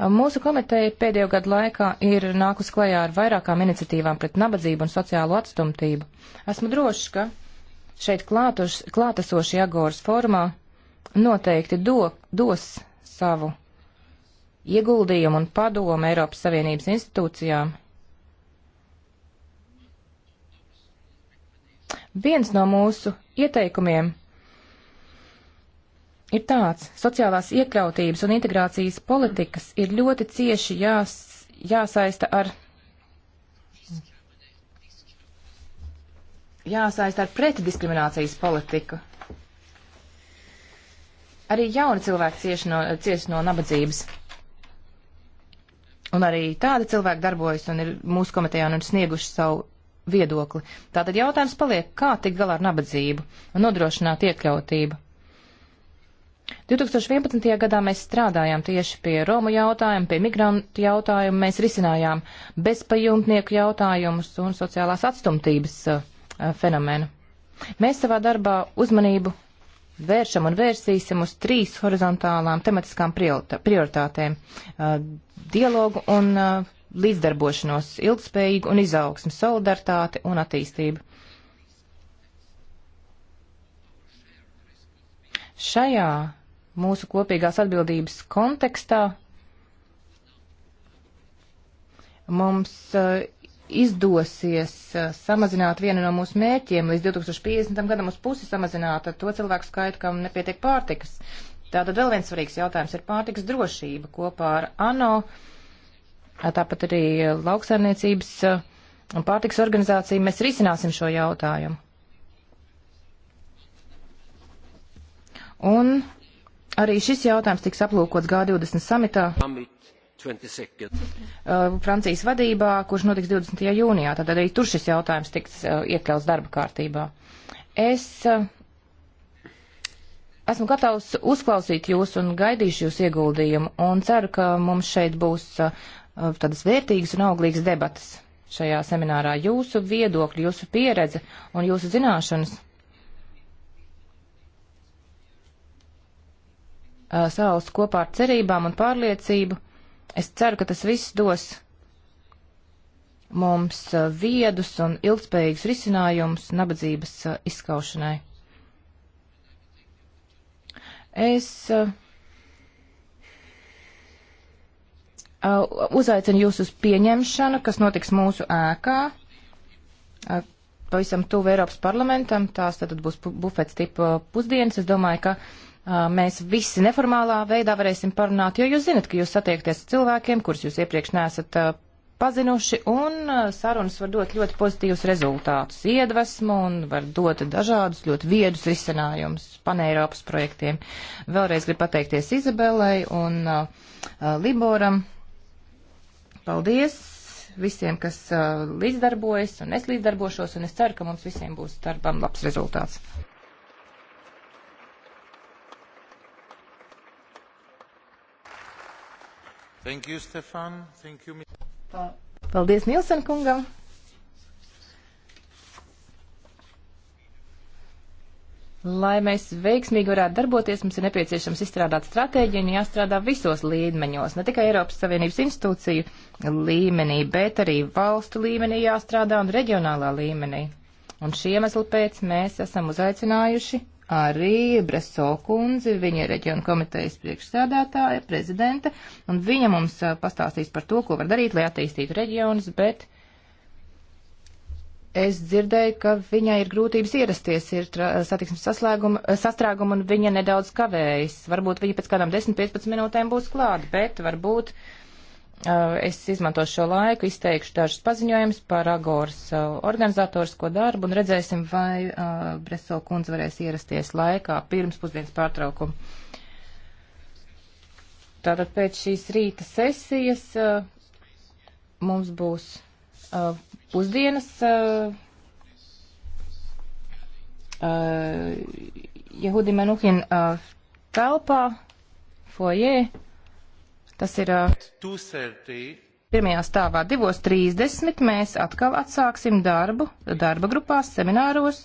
Um, mūsu komiteja pēdējo gadu laikā ir nākus klajā ar vairākām iniciatīvām pret nabadzību un sociālo atstumtību. Esmu drošs, ka šeit klātuš, klātesoši Agoras formā noteikti do, dos savu ieguldījumu un padomu Eiropas Savienības institūcijām. Viens no mūsu ieteikumiem ir tāds - sociālās iekļautības un integrācijas politikas ir ļoti cieši jās, jāsaista ar. Jāsaista ar pretdiskriminācijas politiku. Arī jauni cilvēki cieši no, cieši no nabadzības. Un arī tādi cilvēki darbojas un ir mūsu komitejā un ir snieguši savu viedokli. Tātad jautājums paliek, kā tikt galā ar nabadzību un nodrošināt iekļautību. 2011. gadā mēs strādājām tieši pie Romu jautājumu, pie migrantu jautājumu, mēs risinājām bezpajumtnieku jautājumus un sociālās atstumtības uh, fenomenu. Mēs savā darbā uzmanību vēršam un vērsīsim uz trīs horizontālām tematiskām prioritātēm uh, - dialogu un uh, līdzdarbošanos, ilgspējīgu un izaugsmu, solidaritāti un attīstību. Šajā mūsu kopīgās atbildības kontekstā mums uh, izdosies eh, samazināt vienu no mūsu mērķiem līdz 2050. gadam uz pusi samazināt to cilvēku skaitu, kam nepietiek pārtikas. Tātad vēl viens svarīgs jautājums ir pārtikas drošība kopā ar ANO, tāpat arī lauksaimniecības eh, un pārtikas organizāciju. Mēs risināsim šo jautājumu. Un arī šis jautājums tiks aplūkots G20 samitā. Summit Uh, Francijas vadībā, kurš notiks 20. jūnijā. Tad arī tur šis jautājums tiks uh, iekļauts darba kārtībā. Es uh, esmu gatavs uzklausīt jūs un gaidīšu jūs ieguldījumu un ceru, ka mums šeit būs tādas vērtīgas un auglīgas debatas šajā seminārā. Jūsu viedokļi, jūsu pieredze un jūsu zināšanas sauc kopā ar cerībām un pārliecību Es ceru, ka tas viss dos mums uh, viedus un ilgspējīgus risinājumus nabadzības uh, izskaušanai. Es uh, uzaicinu jūs uz pieņemšanu, kas notiks mūsu ēkā, pavisam tuvu Eiropas parlamentam. Tās tad būs bufets tipa pusdienas. Es domāju, ka mēs visi neformālā veidā varēsim parunāt, jo jūs zinat, ka jūs satiekties ar cilvēkiem, kurus jūs iepriekš nesat pazinuši, un sarunas var dot ļoti pozitīvus rezultātus, iedvesmu un var dot dažādus ļoti viedus risinājumus paneiropas projektiem. Vēlreiz gribu pateikties Izabelai un uh, Liboram. Paldies visiem, kas uh, līdzdarbojas, un es līdzdarbošos, un es ceru, ka mums visiem būs darbam labs rezultāts. Thank you, Stefan. Thank you, Paldies Nielsen kungam. Lai mēs veiksmīgi varētu darboties, mums ir nepieciešams izstrādāt stratēģiju un jāstrādā visos līmeņos, ne tikai Eiropas Savienības institūciju līmenī, bet arī valstu līmenī jāstrādā un reģionālā līmenī. Un šī iemesla pēc mēs esam uzaicinājuši arī Breso kundzi, viņa ir reģiona komitejas priekšsēdētāja, prezidente, un viņa mums pastāstīs par to, ko var darīt, lai attīstītu reģionus, bet es dzirdēju, ka viņai ir grūtības ierasties, ir satiksmes sastrēguma, un viņa nedaudz kavējas. Varbūt viņa pēc kādām 10-15 minūtēm būs klāta, bet varbūt Uh, es izmantošu šo laiku, izteikšu dažus paziņojumus par Agoras uh, organizatorisko darbu un redzēsim, vai uh, Breso kundze varēs ierasties laikā pirms pusdienas pārtraukuma. Tātad pēc šīs rīta sesijas mums būs pusdienas Jehudi Menuhin telpā, foyer. Tas ir pirmajā stāvā 2.30. Mēs atkal atsāksim darbu darba grupās, semināros.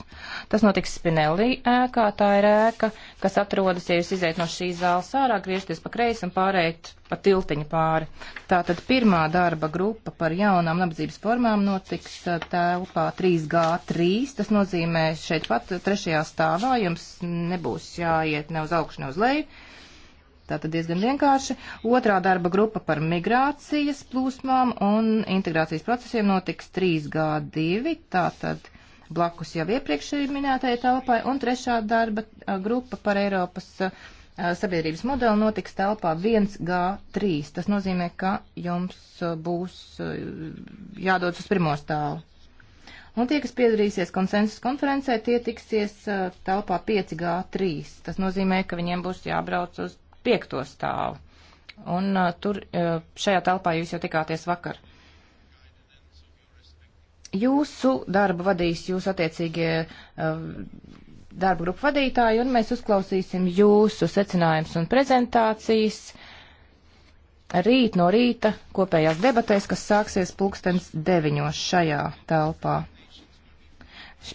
Tas notiks Spinelli ēkā. Tā ir ēka, kas atrodas, ja jūs iziet no šīs zāles ārā, griežties pa kreisi un pārējāt pa tiltiņu pāri. Tātad pirmā darba grupa par jaunām nabadzības formām notiks telpā 3G3. Tas nozīmē šeit pat trešajā stāvā jums nebūs jāiet ne uz augšu, ne uz leju Tātad diezgan vienkārši. Otrā darba grupa par migrācijas plūsmām un integrācijas procesiem notiks 3G2, tātad blakus jau iepriekš arī minētajai telpai, un trešā darba grupa par Eiropas a, sabiedrības modeli notiks telpā 1G3. Tas nozīmē, ka jums būs jādodas uz pirmo stāvu. Un tie, kas piedalīsies konsensus konferencē, tie tiksies telpā 5G3. Tas nozīmē, ka viņiem būs jābrauc uz piekto stāvu. Un uh, tur uh, šajā telpā jūs jau tikāties vakar. Jūsu darbu vadīs jūs attiecīgie uh, darba grupu vadītāji, un mēs uzklausīsim jūsu secinājumus un prezentācijas rīt no rīta kopējās debatēs, kas sāksies pulkstens deviņos šajā telpā.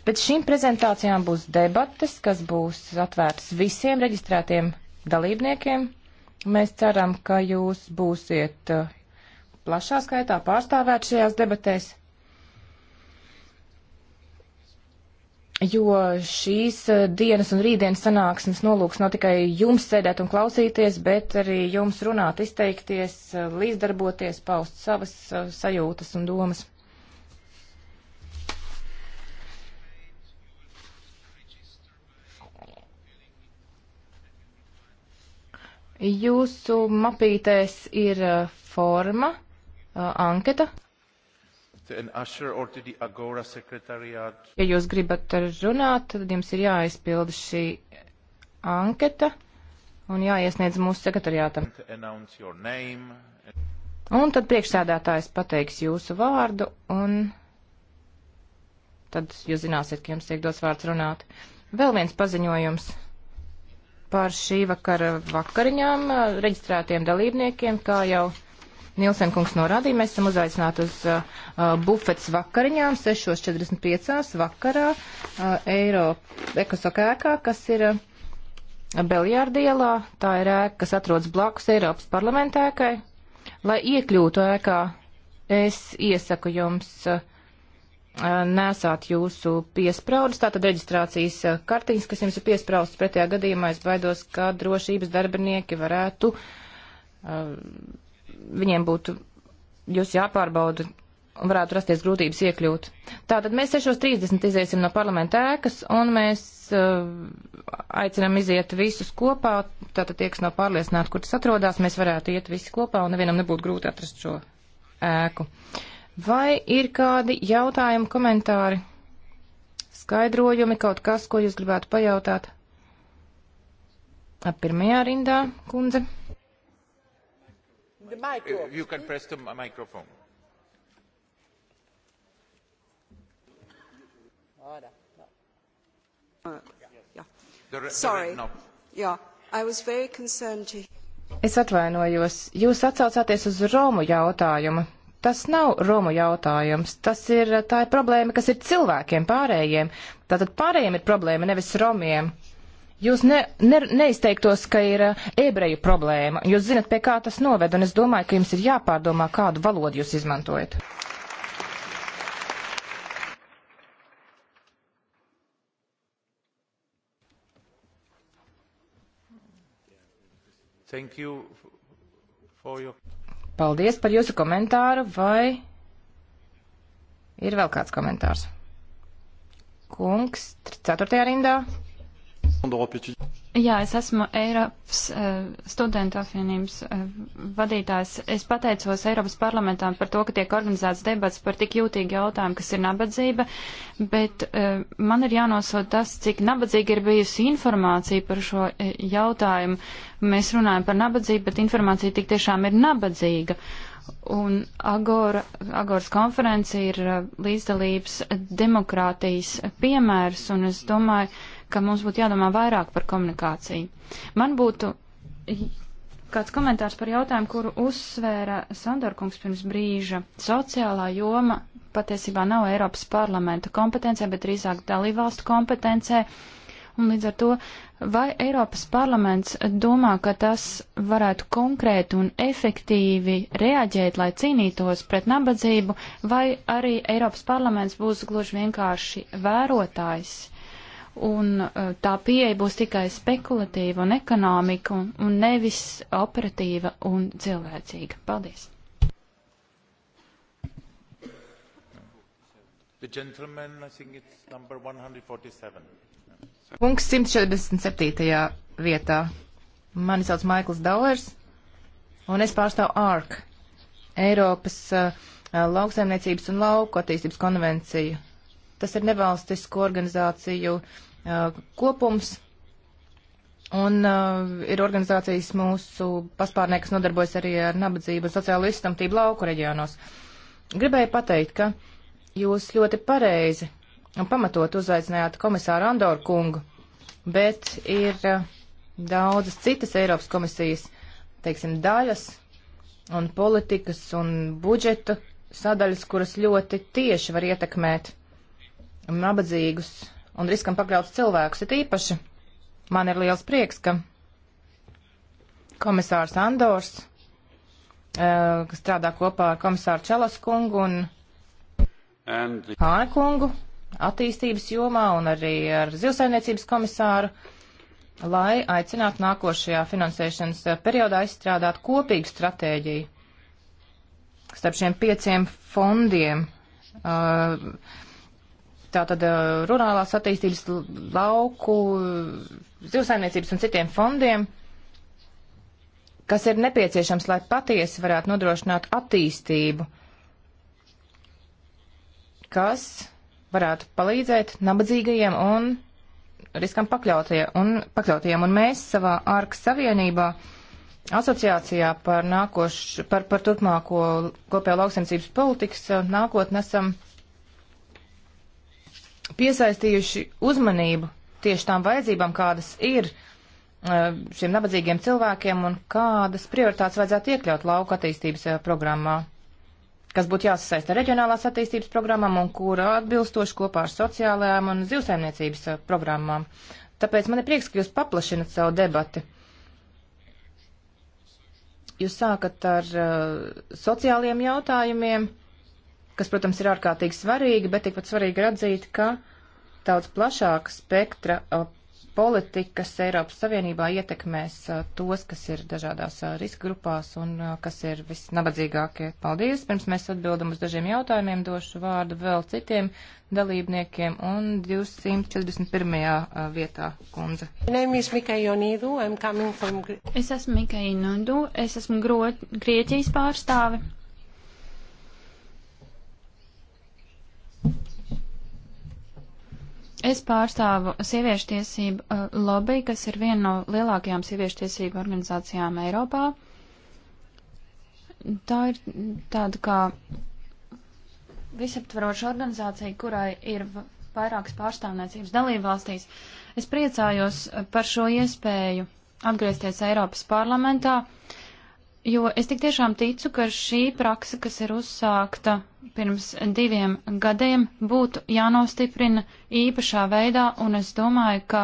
Pēc šīm prezentācijām būs debates, kas būs atvērtas visiem reģistrētiem dalībniekiem. Mēs ceram, ka jūs būsiet uh, plašā skaitā pārstāvēt šajās debatēs, jo šīs uh, dienas un rītdienas sanāksmes nolūks nav tikai jums sēdēt un klausīties, bet arī jums runāt, izteikties, uh, līdzdarboties, paust savas sajūtas un domas. Jūsu mapītēs ir uh, forma, uh, anketa. Ja jūs gribat runāt, tad jums ir jāizpilda šī anketa un jāiesniedz mūsu sekretariātam. Un tad priekšsēdētājs pateiks jūsu vārdu, un tad jūs zināsiet, ka jums tiek dots vārds runāt. Vēl viens paziņojums par šī vakara vakariņām reģistrētiem dalībniekiem, kā jau Nilsenkungs norādīja, mēs esam uzaicināti uz uh, bufets vakariņām 6.45 vakarā uh, Eiro ekosokā ēkā, kas ir uh, Beljārdielā, tā ir ēka, kas atrodas blakus Eiropas parlamentēkai. Lai iekļūtu ēkā, es iesaku jums uh, nesāt jūsu piespraudas, tātad reģistrācijas kartiņas, kas jums ir piespraustas, pretējā gadījumā es baidos, ka drošības darbinieki varētu, viņiem būtu, jūs jāpārbauda, varētu rasties grūtības iekļūt. Tātad mēs 6.30 iziesim no parlamenta ēkas, un mēs aicinam iziet visus kopā, tātad tie, kas nav pārliecināti, kur tas atrodas, mēs varētu iet visi kopā, un nevienam nebūtu grūti atrast šo ēku. Uh, Vai ir kādi jautājumi, komentāri, skaidrojumi, kaut kas, ko jūs gribētu pajautāt? Pirmajā rindā, kundze. Sorry. Yeah, I was very concerned to... Es atvainojos. Jūs atsaucāties uz Romu jautājumu. Tas nav Romu jautājums, tas ir, tā ir problēma, kas ir cilvēkiem pārējiem. Tātad pārējiem ir problēma, nevis Romiem. Jūs ne, ne, neizteiktos, ka ir uh, ebreju problēma. Jūs zinat, pie kā tas noved, un es domāju, ka jums ir jāpārdomā, kādu valodu jūs izmantojat. Thank you for your Paldies par jūsu komentāru, vai ir vēl kāds komentārs? Kungs, ceturtajā rindā. Jā, es esmu Eiropas uh, studentu apvienības uh, vadītājs. Es pateicos Eiropas parlamentām par to, ka tiek organizēts debats par tik jūtīgu jautājumu, kas ir nabadzība, bet uh, man ir jānosot tas, cik nabadzīga ir bijusi informācija par šo jautājumu. Mēs runājam par nabadzību, bet informācija tik tiešām ir nabadzīga. Un Agora, Agoras konference ir uh, līdzdalības demokrātijas piemērs, un es domāju, ka mums būtu jādomā vairāk par komunikāciju. Man būtu kāds komentārs par jautājumu, kuru uzsvēra Sandorkungs pirms brīža. Sociālā joma patiesībā nav Eiropas parlamenta kompetencija, bet drīzāk dalībvalstu kompetencija. Un līdz ar to, vai Eiropas parlaments domā, ka tas varētu konkrēti un efektīvi reaģēt, lai cīnītos pret nabadzību, vai arī Eiropas parlaments būs gluži vienkārši vērotājs? Un uh, tā pieeja būs tikai spekulatīva un ekonomika un, un nevis operatīva un cilvēcīga. Paldies! The gentleman, I think it's number 147. Punkts 147. vietā. Mani sauc Maikls Dauers, un es pārstāvu ARK, Eiropas uh, uh, lauksaimniecības un lauku attīstības konvenciju. Tas ir nevalstisku organizāciju uh, kopums, un uh, ir organizācijas mūsu paspārnē, kas nodarbojas arī ar nabadzību un sociālo izstamtību lauku reģionos. Gribēju pateikt, ka jūs ļoti pareizi pamatot uzaicinājāt komisāru Andoru kungu, bet ir eh, daudzas citas Eiropas komisijas, teiksim, daļas un politikas un budžeta sadaļas, kuras ļoti tieši var ietekmēt nabadzīgus un riskam pakļauts cilvēkus. Ir īpaši man ir liels prieks, ka komisārs Andors, eh, kas strādā kopā ar komisāru Čelas kungu un Hāne kungu, attīstības jomā un arī ar zivsainiecības komisāru, lai aicinātu nākošajā finansēšanas periodā izstrādāt kopīgu stratēģiju starp šiem pieciem fondiem. Uh, tātad uh, rurālās attīstības lauku, zivsaimniecības un citiem fondiem, kas ir nepieciešams, lai patiesi varētu nodrošināt attīstību, kas varētu palīdzēt nabadzīgajiem un riskam pakļautie, un, pakļautajiem. Un mēs savā ārka savienībā, asociācijā par, nākoš, par, par turpmāko kopējo lauksaimniecības politikas nākotnē esam piesaistījuši uzmanību tieši tām vajadzībām, kādas ir eh, šiem nabadzīgiem cilvēkiem un kādas prioritātes vajadzētu iekļaut lauka attīstības eh, programmā kas būtu jāsasaista ar reģionālās attīstības programmām un kura atbilstoši kopā ar sociālajām un zivsaimniecības eh, programmām. Tāpēc man ir prieks, ka jūs paplašinat savu debati. Jūs sākat ar uh, sociālajiem jautājumiem, kas, protams, ir ārkārtīgi svarīgi, bet tikpat svarīgi ir atzīt, ka daudz plašāka spektra uh, politikas Eiropas Savienībā ietekmēs uh, tos, kas ir dažādās uh, riska grupās un uh, kas ir visnabadzīgākie. Paldies! Pirms mēs atbildam uz dažiem jautājumiem, došu vārdu vēl citiem dalībniekiem un 241. vietā kundze. Es esmu Mika Inudu, es esmu Gro Grieķijas pārstāve Es pārstāvu sieviešu tiesību uh, lobby, kas ir viena no lielākajām sieviešu tiesību organizācijām Eiropā. Tā ir tāda kā visaptvaroša organizācija, kurai ir vairākas pārstāvniecības dalībvalstīs. Es priecājos uh, par šo iespēju atgriezties Eiropas parlamentā. Uh, Jo es tik tiešām ticu, ka šī praksa, kas ir uzsākta pirms diviem gadiem, būtu jānostiprina īpašā veidā, un es domāju, ka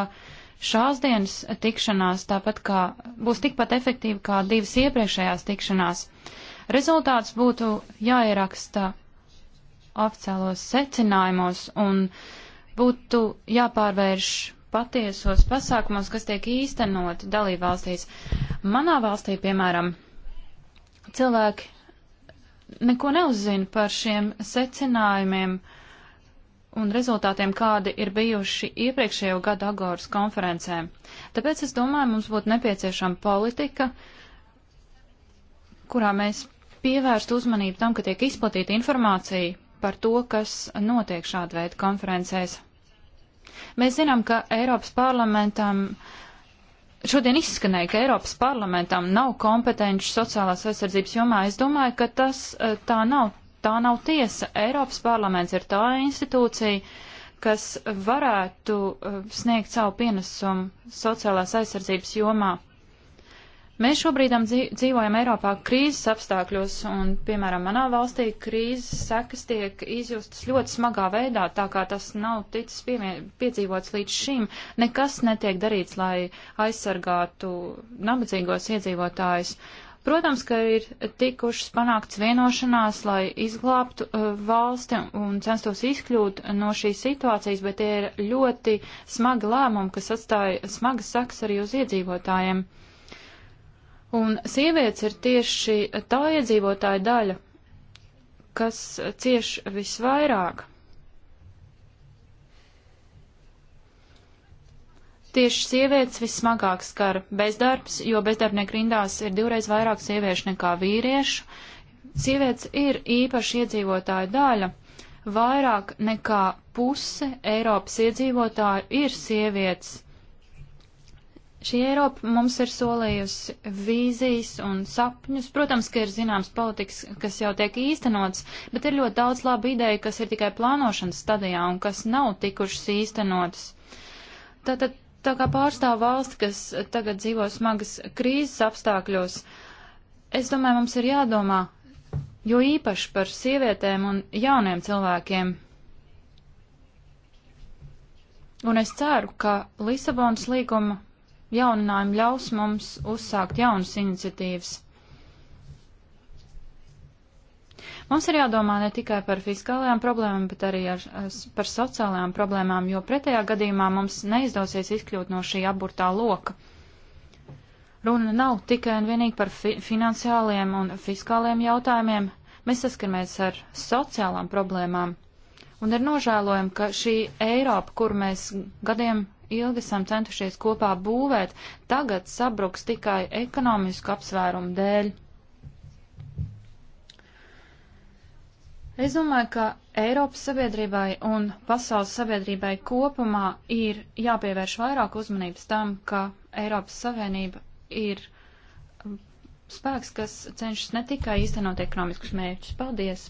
šās dienas tikšanās tāpat kā būs tikpat efektīva kā divas iepriekšējās tikšanās. Rezultāts būtu jāieraksta oficiālos secinājumos un būtu jāpārvērš patiesos pasākumos, kas tiek īstenoti dalībvalstīs. Manā valstī, piemēram, cilvēki neko neuzzina par šiem secinājumiem un rezultātiem, kādi ir bijuši iepriekšējo gadu Agoras konferencē. Tāpēc es domāju, mums būtu nepieciešama politika, kurā mēs pievērstu uzmanību tam, ka tiek izplatīta informācija par to, kas notiek šāda veida konferencēs. Mēs zinām, ka Eiropas parlamentam uh, šodien izskanēja, ka Eiropas parlamentam nav kompetenci sociālās aizsardzības jomā. Es domāju, ka tas eh, tā nav. Tā nav tiesa. Eiropas parlaments ir tā institūcija, kas varētu eh, sniegt savu pienesumu sociālās aizsardzības jomā. Mēs šobrīd dzīvojam Eiropā krīzes apstākļos, un, piemēram, manā valstī krīzes sekas tiek izjustas ļoti smagā veidā, tā kā tas nav ticis piedzīvots līdz šim. Nekas netiek darīts, lai aizsargātu nabadzīgos iedzīvotājus. Protams, ka ir tikušas panākts vienošanās, lai izglābtu uh, valsti un censtos izkļūt no šīs situācijas, bet tie ir ļoti smagi lēmumi, kas atstāja smagas sakas arī uz iedzīvotājiem. Un sievietes ir tieši tā iedzīvotāja daļa, kas cieš visvairāk. Tieši sievietes vissmagāk skar bezdarbs, jo bezdarbnieku rindās ir divreiz vairāk sieviešu nekā vīriešu. Sievietes ir īpaši iedzīvotāja daļa. Vairāk nekā puse Eiropas iedzīvotāju ir sievietes. Šī Eiropa mums ir solījusi vīzijas un sapņus. Protams, ka ir zināms politikas, kas jau tiek īstenots, bet ir ļoti daudz labu ideju, kas ir tikai plānošanas stadijā un kas nav tikušas īstenotas. Tātad, tā kā pārstāv valsti, kas tagad dzīvo smagas krīzes apstākļos, es domāju, mums ir jādomā, jo īpaši par sievietēm un jauniem cilvēkiem. Un es ceru, ka Lisabonas līguma jauninājumi ļaus mums uzsākt jaunas iniciatīvas. Mums ir jādomā ne tikai par fiskālajām problēmām, bet arī ar, par sociālajām problēmām, jo pretējā gadījumā mums neizdosies izkļūt no šī aburtā loka. Runa nav tikai un vienīgi par fi finansiāliem un fiskāliem jautājumiem, mēs saskaramies ar sociālām problēmām. Un ir nožēlojami, ka šī Eiropa, kur mēs gadiem ilgi esam centušies kopā būvēt, tagad sabruks tikai ekonomisku apsvērumu dēļ. Es domāju, ka Eiropas sabiedrībai un pasaules sabiedrībai kopumā ir jāpievērš vairāk uzmanības tam, ka Eiropas Savienība ir spēks, kas cenšas ne tikai īstenot ekonomiskus mērķus. Paldies!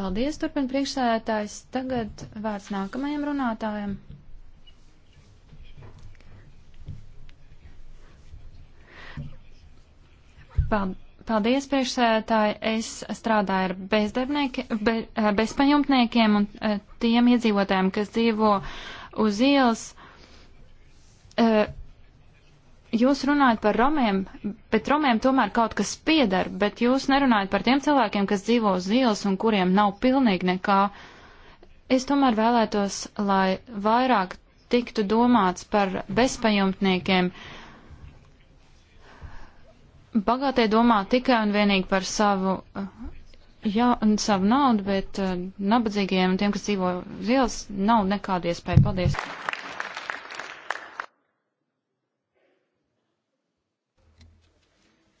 Paldies, turpina priekšsēdētājs. Tagad vērts nākamajam runātājam. Paldies, priekšsēdētāji. Es strādāju ar be, eh, bezpajumtniekiem un eh, tiem iedzīvotājiem, kas dzīvo uz ielas. Eh, jūs runājat par romiem, bet romiem tomēr kaut kas pieder, bet jūs nerunājat par tiem cilvēkiem, kas dzīvo uz ielas un kuriem nav pilnīgi nekā. Es tomēr vēlētos, lai vairāk tiktu domāts par bezpajumtniekiem. Uh, bagātie domā tikai un vienīgi par savu, eh, jā, un savu naudu, bet uh, eh, nabadzīgiem un tiem, kas dzīvo uz ielas, nav nekāda iespēja. Paldies!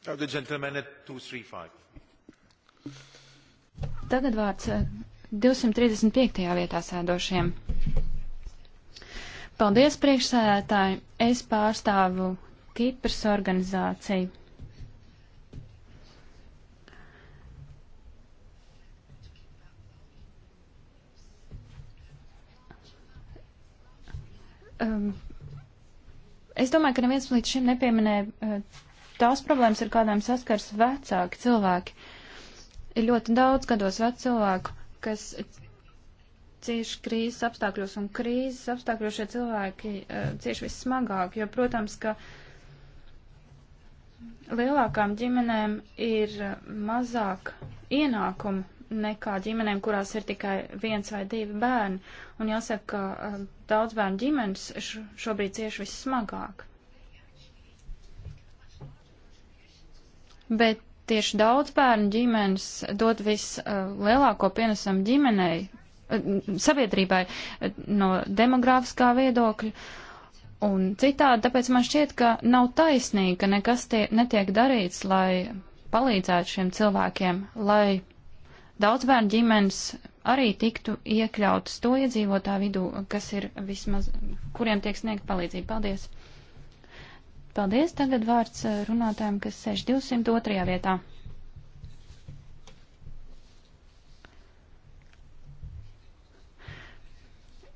Tagad vārds 235. Eh, vietā sēdošiem. Paldies, priekšsēdētāji! Es pārstāvu Kipras organizāciju. um, es domāju, ka neviens līdz šim nepieminēja uh, tās problēmas, ar kādām saskars vecāki cilvēki. Ir ļoti daudz gados veci cilvēku, kas cieši krīzes apstākļos, un krīzes apstākļos šie cilvēki uh, cieši vissmagāk, jo, protams, ka lielākām ģimenēm ir uh, mazāk ienākumu, nekā ģimenēm, kurās ir tikai viens vai divi bērni. Un jāsaka, ka uh, daudz bērnu ģimenes šobrīd cieši vissmagāk. Bet tieši daudz bērnu ģimenes dod vislielāko uh, pienesumu ģimenei, uh, sabiedrībai eh, no demogrāfiskā viedokļa. Un citādi, tāpēc man šķiet, ka nav taisnīgi, ka nekas tie, netiek darīts, lai palīdzētu šiem cilvēkiem, lai daudz bērnu ģimenes arī tiktu iekļautas to iedzīvotā vidū, kas ir vismaz, kuriem tiek sniegt palīdzību. Paldies! Paldies! Tagad vārds eh, runātājiem, kas sēž 202. vietā.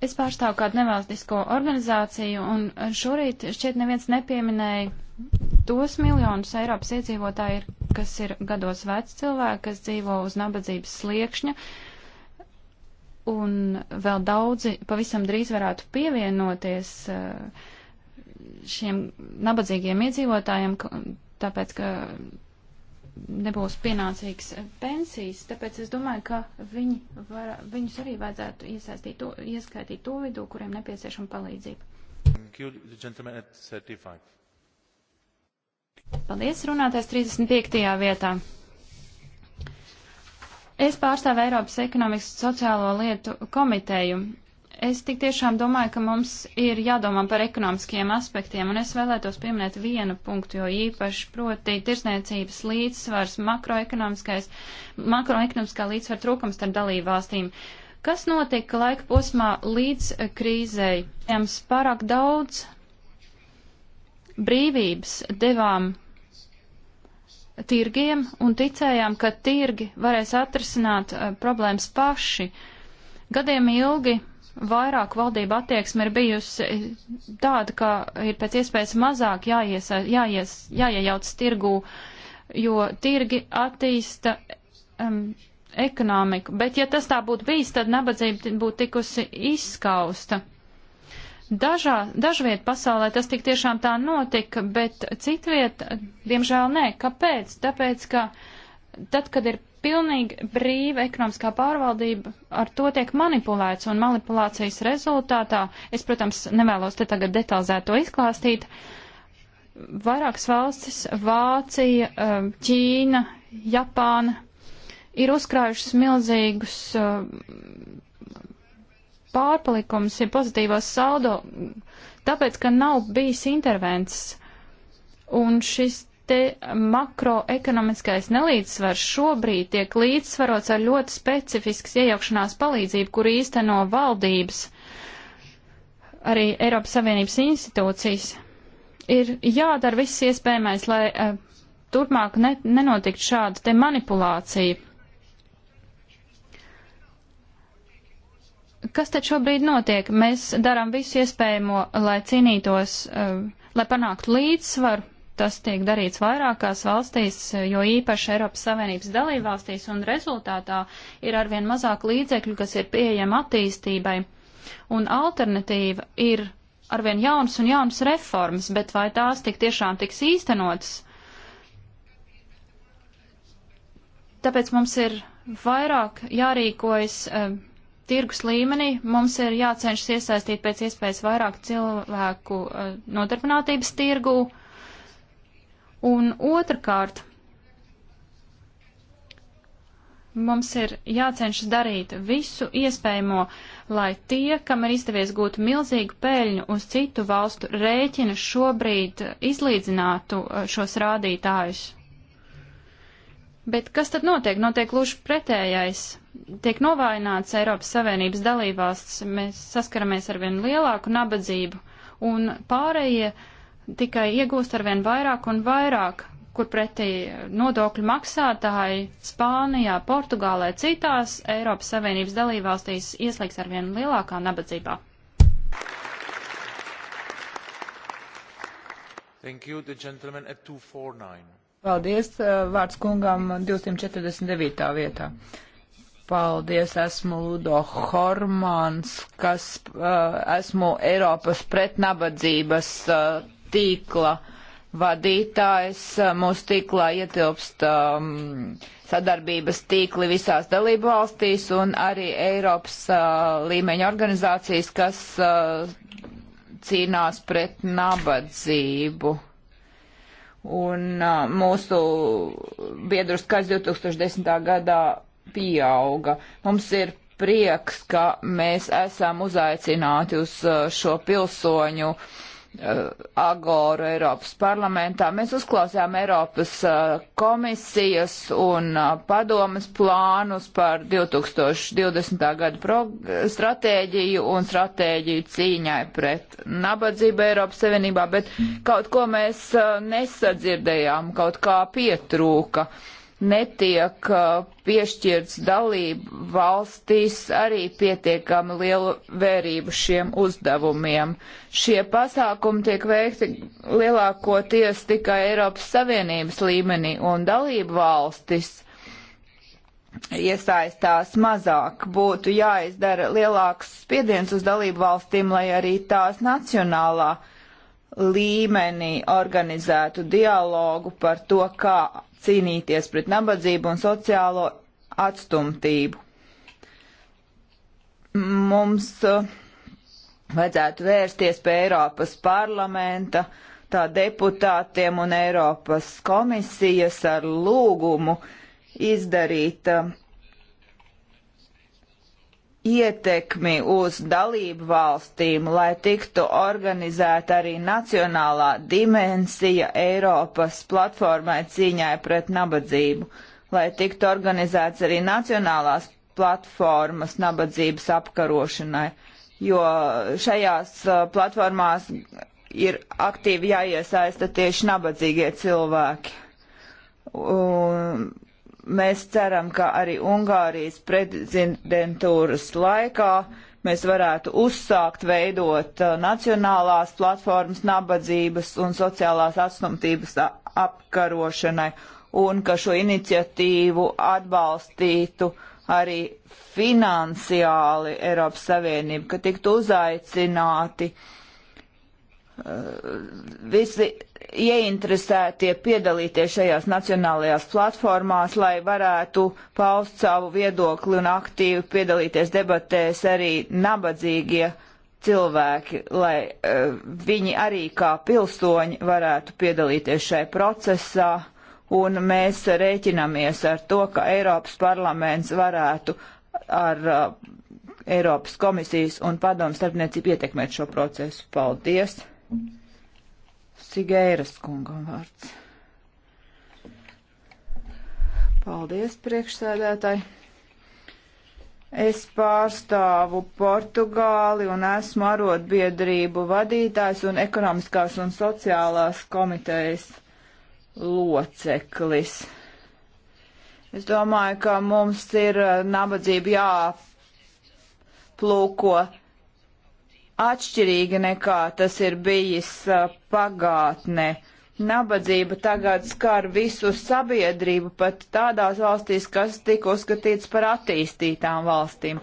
Es pārstāvu kādu nevalstisko organizāciju, un šorīt šķiet neviens nepieminēja tos miljonus Eiropas iedzīvotāju ir, kas ir gados veci cilvēki, kas dzīvo uz nabadzības sliekšņa, un vēl daudzi pavisam drīz varētu pievienoties eh, šiem nabadzīgiem iedzīvotājiem, tāpēc, ka nebūs pienācīgs pensijas, tāpēc es domāju, ka viņi var, viņus arī vajadzētu iesaistīt to, ieskaitīt to vidū, kuriem nepieciešama palīdzība. Thank you, gentlemen, at 35. Paldies, runātais 35. vietā. Es pārstāvu Eiropas ekonomikas un sociālo lietu komiteju. Es tik tiešām domāju, ka mums ir jādomā par ekonomiskiem aspektiem, un es vēlētos pieminēt vienu punktu, jo īpaši proti tirsniecības līdzsvars, makroekonomiskais, makroekonomiskā līdzsvara trūkums starp dalību valstīm. Kas notika laika posmā līdz krīzei? Jums pārāk daudz brīvības devām tirgiem un ticējām, ka tirgi varēs atrisināt uh, problēmas paši. Gadiem ilgi vairāk valdība attieksme ir bijusi eh, tāda, ka ir pēc iespējas mazāk jāies, jāies, jāiejauc tirgū, jo tirgi attīsta um, ekonomiku. Bet ja tas tā būtu bijis, tad nabadzība būtu tikusi izskausta. Dažā, dažviet pasaulē tas tik tiešām tā notika, bet citviet, diemžēl, nē. Kāpēc? Tāpēc, ka tad, kad ir pilnīgi brīva ekonomiskā pārvaldība, ar to tiek manipulēts, un manipulācijas rezultātā, es, protams, nevēlos te tagad detalizēt to izklāstīt, vairākas valstis - Vācija, um, Ķīna, Japāna - ir uzkrājušas milzīgus um, pārpalikums, ja pozitīvos saldo, tāpēc, ka nav bijis intervences. Un šis te makroekonomiskais nelīdzsvars šobrīd tiek līdzsvarots ar ļoti specifisks iejaukšanās palīdzību, kur īsteno valdības, arī Eiropas Savienības institūcijas. Ir jādara viss iespējamais, lai uh, turpmāk ne, nenotikt šāda te manipulācija Kas tad šobrīd notiek? Mēs darām visu iespējamo, lai cīnītos, eh, lai panāktu līdzsvaru. Tas tiek darīts vairākās valstīs, jo īpaši Eiropas Savienības dalībvalstīs, un rezultātā ir arvien mazāk līdzekļu, kas ir pieejama attīstībai. Un alternatīva ir arvien jaunas un jaunas reformas, bet vai tās tik tiešām tiks īstenotas? Tāpēc mums ir vairāk jārīkojas eh, tirgus līmenī mums ir jācenšas iesaistīt pēc iespējas vairāk cilvēku uh, nodarbinātības tirgū. Un otrkārt, mums ir jācenšas darīt visu iespējamo, lai tie, kam ir izdevies gūt milzīgu peļņu uz citu valstu rēķina, šobrīd izlīdzinātu eh, šos rādītājus. Bet kas tad notiek? Notiek lūši pretējais tiek novājināts Eiropas Savienības dalībvalsts, mēs saskaramies ar vien lielāku nabadzību, un pārējie tikai iegūst ar vien vairāk un vairāk, kur pretī nodokļu maksātāji Spānijā, Portugālē, citās Eiropas Savienības dalībvalstīs ieslēgs ar vien lielākā nabadzībā. Thank you, the gentleman at 249. Paldies, uh, vārds kungam 249. vietā. Paldies, esmu Ludo Hormans, kas uh, esmu Eiropas pretnabadzības uh, tīkla vadītājs. Uh, mūsu tīklā ietilpst um, sadarbības tīkli visās dalību valstīs un arī Eiropas uh, līmeņa organizācijas, kas uh, cīnās pret nabadzību. Un uh, mūsu biedru skaits 2010. gadā pieauga. Mums ir prieks, ka mēs esam uzaicināti uz uh, šo pilsoņu uh, agoru Eiropas parlamentā. Mēs uzklausījām Eiropas uh, komisijas un padomas plānus par 2020. gada stratēģiju un stratēģiju cīņai pret nabadzību Eiropas Savienībā, bet kaut ko mēs nesadzirdējām, kaut kā pietrūka. Uh, netiek uh, piešķirts dalību valstīs arī pietiekami lielu vērību šiem uzdevumiem. Šie pasākumi tiek veikti lielākoties tikai Eiropas Savienības līmenī un dalību valstis iesaistās mazāk, būtu jāizdara lielāks spiediens uz dalību valstīm, lai arī tās nacionālā līmenī organizētu dialogu par to, kā cīnīties pret nabadzību un sociālo atstumtību. Mums uh, vajadzētu vērsties pie Eiropas parlamenta, tā deputātiem un Eiropas komisijas ar lūgumu izdarīt uh, ietekmi uz dalību valstīm, lai tiktu organizēta arī nacionālā dimensija Eiropas platformai cīņai pret nabadzību, lai tiktu organizēts arī nacionālās platformas nabadzības apkarošanai, jo šajās uh, platformās ir aktīvi jāiesaista tieši nabadzīgie cilvēki. Un Mēs ceram, ka arī Ungārijas prezidentūras laikā mēs varētu uzsākt veidot uh, nacionālās platformas nabadzības un sociālās atstumtības apkarošanai un ka šo iniciatīvu atbalstītu arī finansiāli Eiropas Savienība, ka tiktu uzaicināti uh, Eh, visi ieinteresētie piedalīties šajās nacionālajās platformās, lai varētu paust savu viedokli un aktīvi piedalīties debatēs arī nabadzīgie cilvēki, lai uh, viņi arī kā pilsoņi varētu piedalīties šai procesā. Un mēs rēķinamies ar to, ka Eiropas parlaments varētu ar uh, Eiropas komisijas un padomu starpniecību ietekmēt šo procesu. Paldies! Sigēras kungam vārds. Paldies, priekšsēdētāji. Es pārstāvu Portugāli un esmu arotbiedrību vadītājs un ekonomiskās un sociālās komitejas loceklis. Es domāju, ka mums ir eh, nabadzība jāplūko atšķirīgi nekā tas ir bijis pagātnē. Nabadzība tagad skar visu sabiedrību, pat tādās valstīs, kas tika uzskatīts par attīstītām valstīm.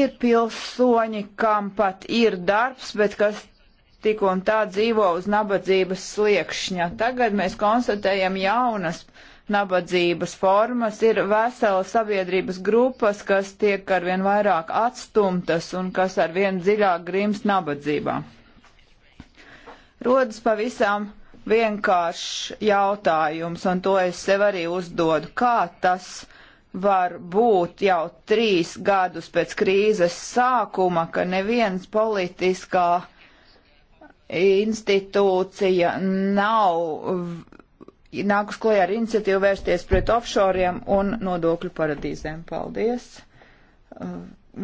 Ir pilsoņi, kam pat ir darbs, bet kas tik un tā dzīvo uz nabadzības sliekšņa. Tagad mēs konstatējam jaunas uh, nabadzības formas. Ir veselas sabiedrības grupas, kas tiek arvien vairāk atstumtas un kas arvien dziļāk grims nabadzībā. Rodas pavisam vienkāršs jautājums, un to es sev arī uzdodu. Kā tas var būt jau trīs gadus pēc krīzes sākuma, ka neviens politiskā institūcija nav nākus klajā ar iniciatīvu vērsties pret offshoriem un nodokļu paradīzēm. Paldies! Uh,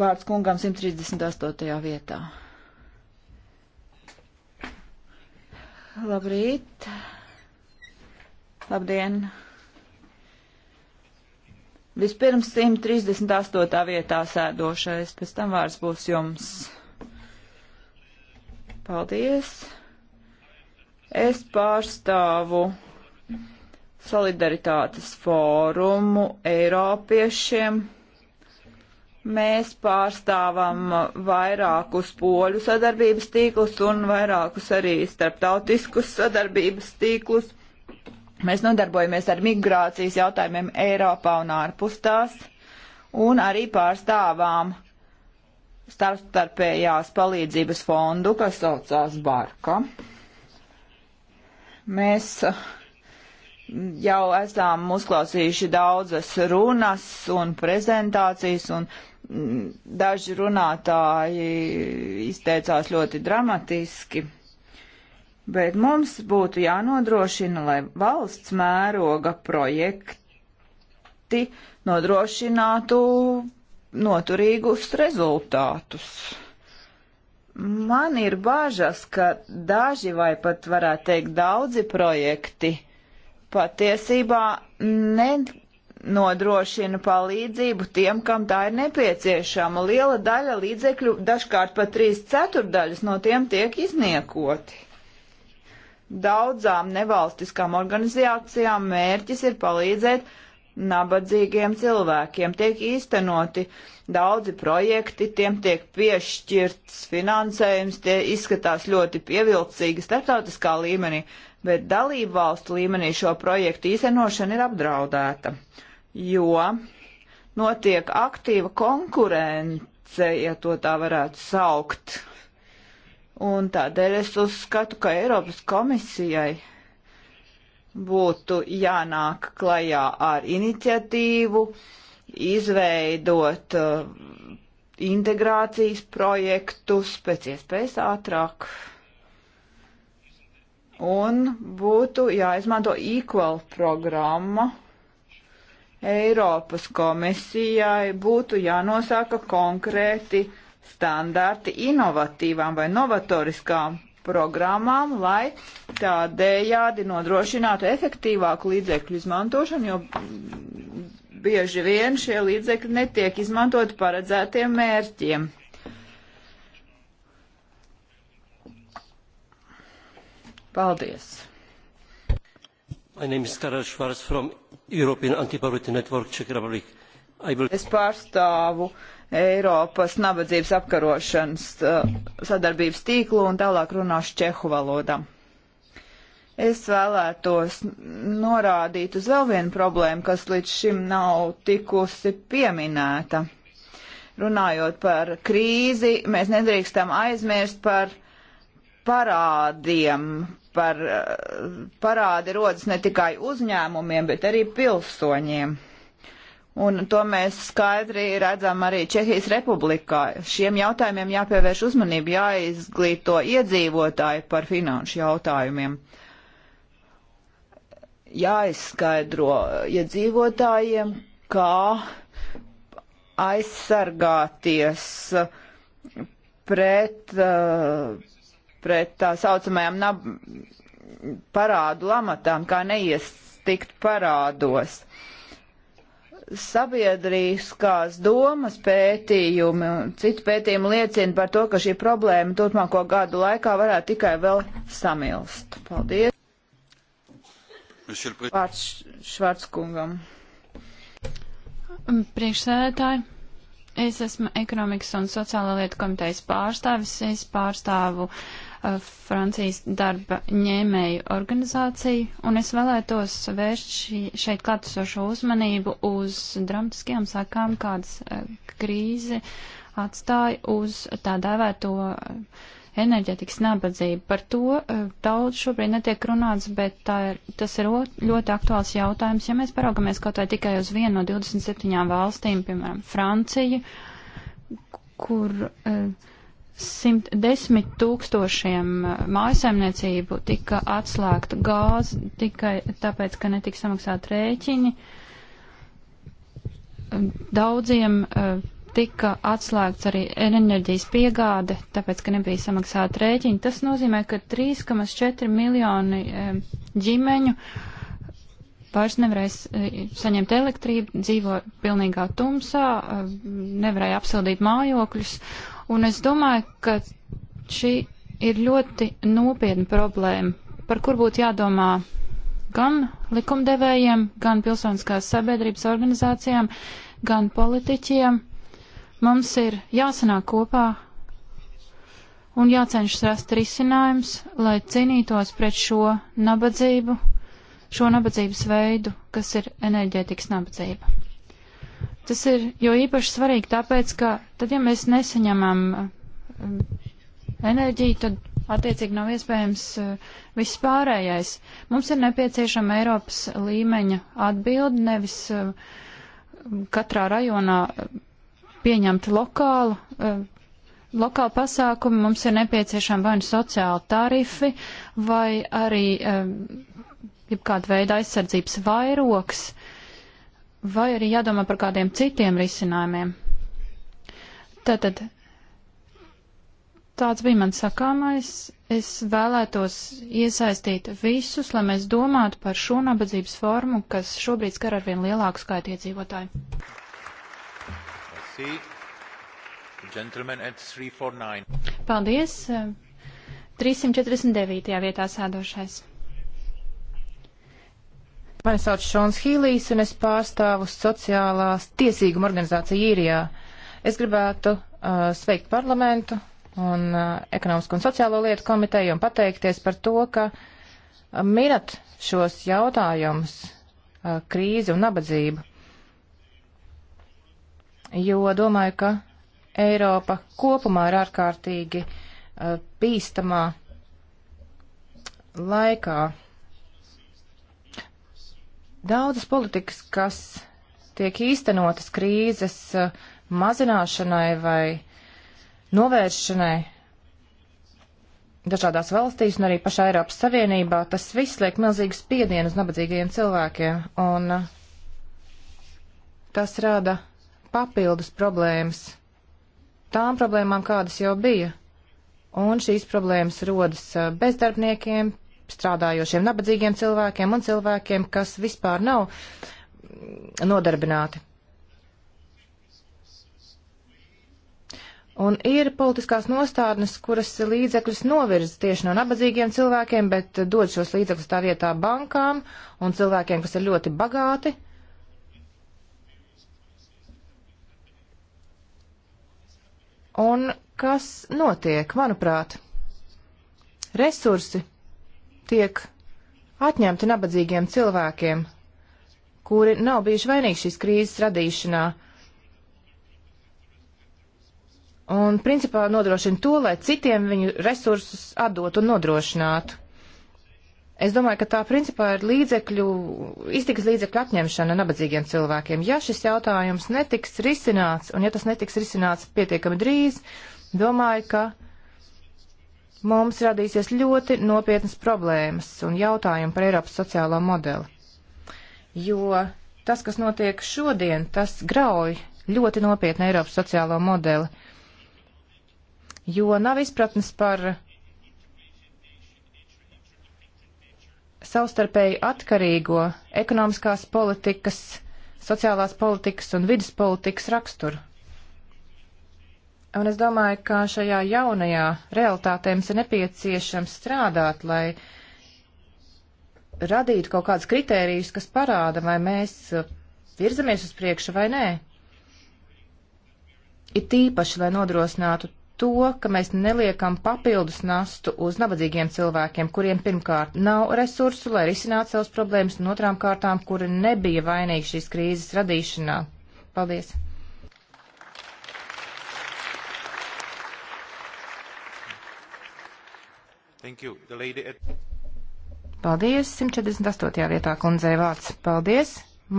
vārds kungam 138. vietā. Labrīt! Labdien! Vispirms 138. vietā sēdošais, pēc tam vārds būs jums. Paldies! Es pārstāvu solidaritātes fórumu Eiropiešiem. Mēs pārstāvam vairākus poļu sadarbības tīklus un vairākus arī starptautiskus sadarbības tīklus. Mēs nodarbojamies ar migrācijas jautājumiem Eiropā un ārpus tās, un arī pārstāvām starptarpējās palīdzības fondu, kas saucās Barka. Mēs uh, Jau esam uzklausījuši daudzas runas un prezentācijas, un mm, daži runātāji izteicās ļoti dramatiski, bet mums būtu jānodrošina, lai valsts mēroga projekti nodrošinātu noturīgus rezultātus. Man ir bažas, ka daži vai pat varētu teikt daudzi projekti patiesībā nenodrošina palīdzību tiem, kam tā ir nepieciešama. Liela daļa līdzekļu, dažkārt pat trīs ceturdaļas no tiem tiek izniekoti. Daudzām nevalstiskām organizācijām mērķis ir palīdzēt nabadzīgiem cilvēkiem. Tiek īstenoti daudzi projekti, tiem tiek piešķirts finansējums, tie izskatās ļoti pievilcīgi starptautiskā līmenī, bet dalību valstu līmenī šo projektu īstenošana ir apdraudēta, jo notiek aktīva konkurence, ja to tā varētu saukt. Un tādēļ es uzskatu, ka Eiropas komisijai būtu jānāk klajā ar iniciatīvu, izveidot uh, integrācijas projektus pēc iespējas ātrāk un būtu jāizmanto Equal programma. Eiropas komisijai būtu jānosaka konkrēti standarti inovatīvām vai novatoriskām programmām, lai tādējādi nodrošinātu efektīvāku līdzekļu izmantošanu, jo bieži vien šie līdzekļi netiek izmantoti paredzētiem mērķiem. Paldies! Will... Es pārstāvu Eiropas nabadzības apkarošanas uh, sadarbības tīklu un tālāk runāšu čehu valodā. Es vēlētos norādīt uz vēl vienu problēmu, kas līdz šim nav tikusi pieminēta. Runājot par krīzi, mēs nedrīkstam aizmirst par parādiem, par eh, parādi rodas ne tikai uzņēmumiem, bet arī pilsoņiem. Un to mēs skaidri redzam arī Čehijas republikā. Šiem jautājumiem jāpievērš uzmanība, jāizglīto iedzīvotāji par finanšu jautājumiem. Jāizskaidro iedzīvotājiem, kā aizsargāties pret uh, pret tā saucamajām nab parādu lamatām, kā neiestikt parādos. Sabiedrīskās domas pētījumi un citu pētījumu liecina par to, ka šī problēma turpmāko gadu laikā varētu tikai vēl samilst. Paldies. Vārds Švarckungam. Mm, priekšsēdētāji, es esmu ekonomikas un sociāla lieta komitejas pārstāvis. Es pārstāvu uh, Uh, Francijas darba ņēmēju organizāciju, un es vēlētos vērst šī, šeit klātesošo uzmanību uz dramatiskajām sakām, kādas uh, krīze atstāja uz tā dēvēto uh, enerģetikas nabadzību. Par to daudz šobrīd netiek runāts, bet ir, tas ir ļoti aktuāls jautājums. Ja mēs paraugamies kaut vai tikai uz vienu no 27 valstīm, piemēram, Franciju, kur uh, 110 tūkstošiem uh, mājasemniecību tika atslēgta gāze tikai tāpēc, ka netika samaksāt rēķini. Um, daudziem uh, tika atslēgts arī enerģijas piegāde, tāpēc, ka nebija samaksāta rēķina. Tas nozīmē, ka 3,4 miljoni uh, ģimeņu vairs nevarēs uh, saņemt elektrību, dzīvo pilnīgā tumsā, uh, nevarēja apsildīt mājokļus, Un es domāju, ka šī ir ļoti nopietna problēma, par kur būtu jādomā gan likumdevējiem, gan pilsoniskās sabiedrības organizācijām, gan politiķiem. Mums ir jāsanāk kopā un jācenšas rast risinājums, lai cīnītos pret šo nabadzību, šo nabadzības veidu, kas ir enerģētikas nabadzība. Tas ir jo īpaši svarīgi tāpēc, ka tad, ja mēs nesaņemam eh, enerģiju, tad attiecīgi nav iespējams eh, viss pārējais. Mums ir nepieciešama Eiropas līmeņa atbildi, nevis eh, katrā rajonā pieņemt lokālu, lokālu pasākumu. Mums ir nepieciešama vai nu sociāli tarifi, vai arī jebkāda veida aizsardzības vairoks vai arī jādomā par kādiem citiem risinājumiem. Tātad tāds bija mans sakāmais. Es vēlētos iesaistīt visus, lai mēs domātu par šo nabadzības formu, kas šobrīd skar ar vien lielāku skaitu iedzīvotāju. Paldies! 349. vietā sēdošais. Mani sauc Šons Hīlijs un es pārstāvu sociālās tiesīguma organizāciju īrijā. Es gribētu uh, sveikt parlamentu un uh, ekonomisko un sociālo lietu komiteju un pateikties par to, ka uh, mirat šos jautājumus uh, krīzi un nabadzību. Jo domāju, ka Eiropa kopumā ir ārkārtīgi uh, bīstamā laikā Daudzas politikas, kas tiek īstenotas krīzes eh, mazināšanai vai novēršanai dažādās valstīs un arī pašā Eiropas Savienībā, tas viss liek milzīgu spiedienu uz nabadzīgajiem cilvēkiem, un eh, tas rada papildus problēmas tām problēmām, kādas jau bija. Un šīs problēmas rodas eh, bezdarbniekiem, strādājošiem nabadzīgiem cilvēkiem un cilvēkiem, kas vispār nav nodarbināti. Un ir politiskās nostādnes, kuras līdzekļus novirza tieši no nabadzīgiem cilvēkiem, bet dod šos līdzekļus tā vietā bankām un cilvēkiem, kas ir ļoti bagāti. Un kas notiek, manuprāt? Resursi tiek atņemti nabadzīgiem cilvēkiem, kuri nav bijuši vainīgi šīs krīzes radīšanā. Un principā nodrošina to, lai citiem viņu resursus atdot un nodrošinātu. Es domāju, ka tā principā ir līdzekļu, iztikas līdzekļu atņemšana nabadzīgiem cilvēkiem. Ja šis jautājums netiks risināts, un ja tas netiks risināts pietiekami drīz, domāju, ka mums radīsies ļoti nopietnas problēmas un jautājumi par Eiropas sociālo modeli. Jo tas, kas notiek šodien, tas grauj ļoti nopietni Eiropas sociālo modeli, jo nav izpratnes par savstarpēji atkarīgo ekonomiskās politikas, sociālās politikas un vidas politikas raksturu. Un es domāju, ka šajā jaunajā realitātē mums ir nepieciešams strādāt, lai radītu kaut kādus kritērijus, kas parāda, vai mēs uh, virzamies uz priekšu vai nē. Ir tīpaši, lai nodrošinātu to, ka mēs neliekam papildus nastu uz nabadzīgiem cilvēkiem, kuriem pirmkārt nav resursu, lai risinātu savas problēmas, un otrām kārtām, kuri nebija vainīgi šīs krīzes radīšanā. Paldies! At... Paldies, 148. vietā kundzei vārds. Paldies.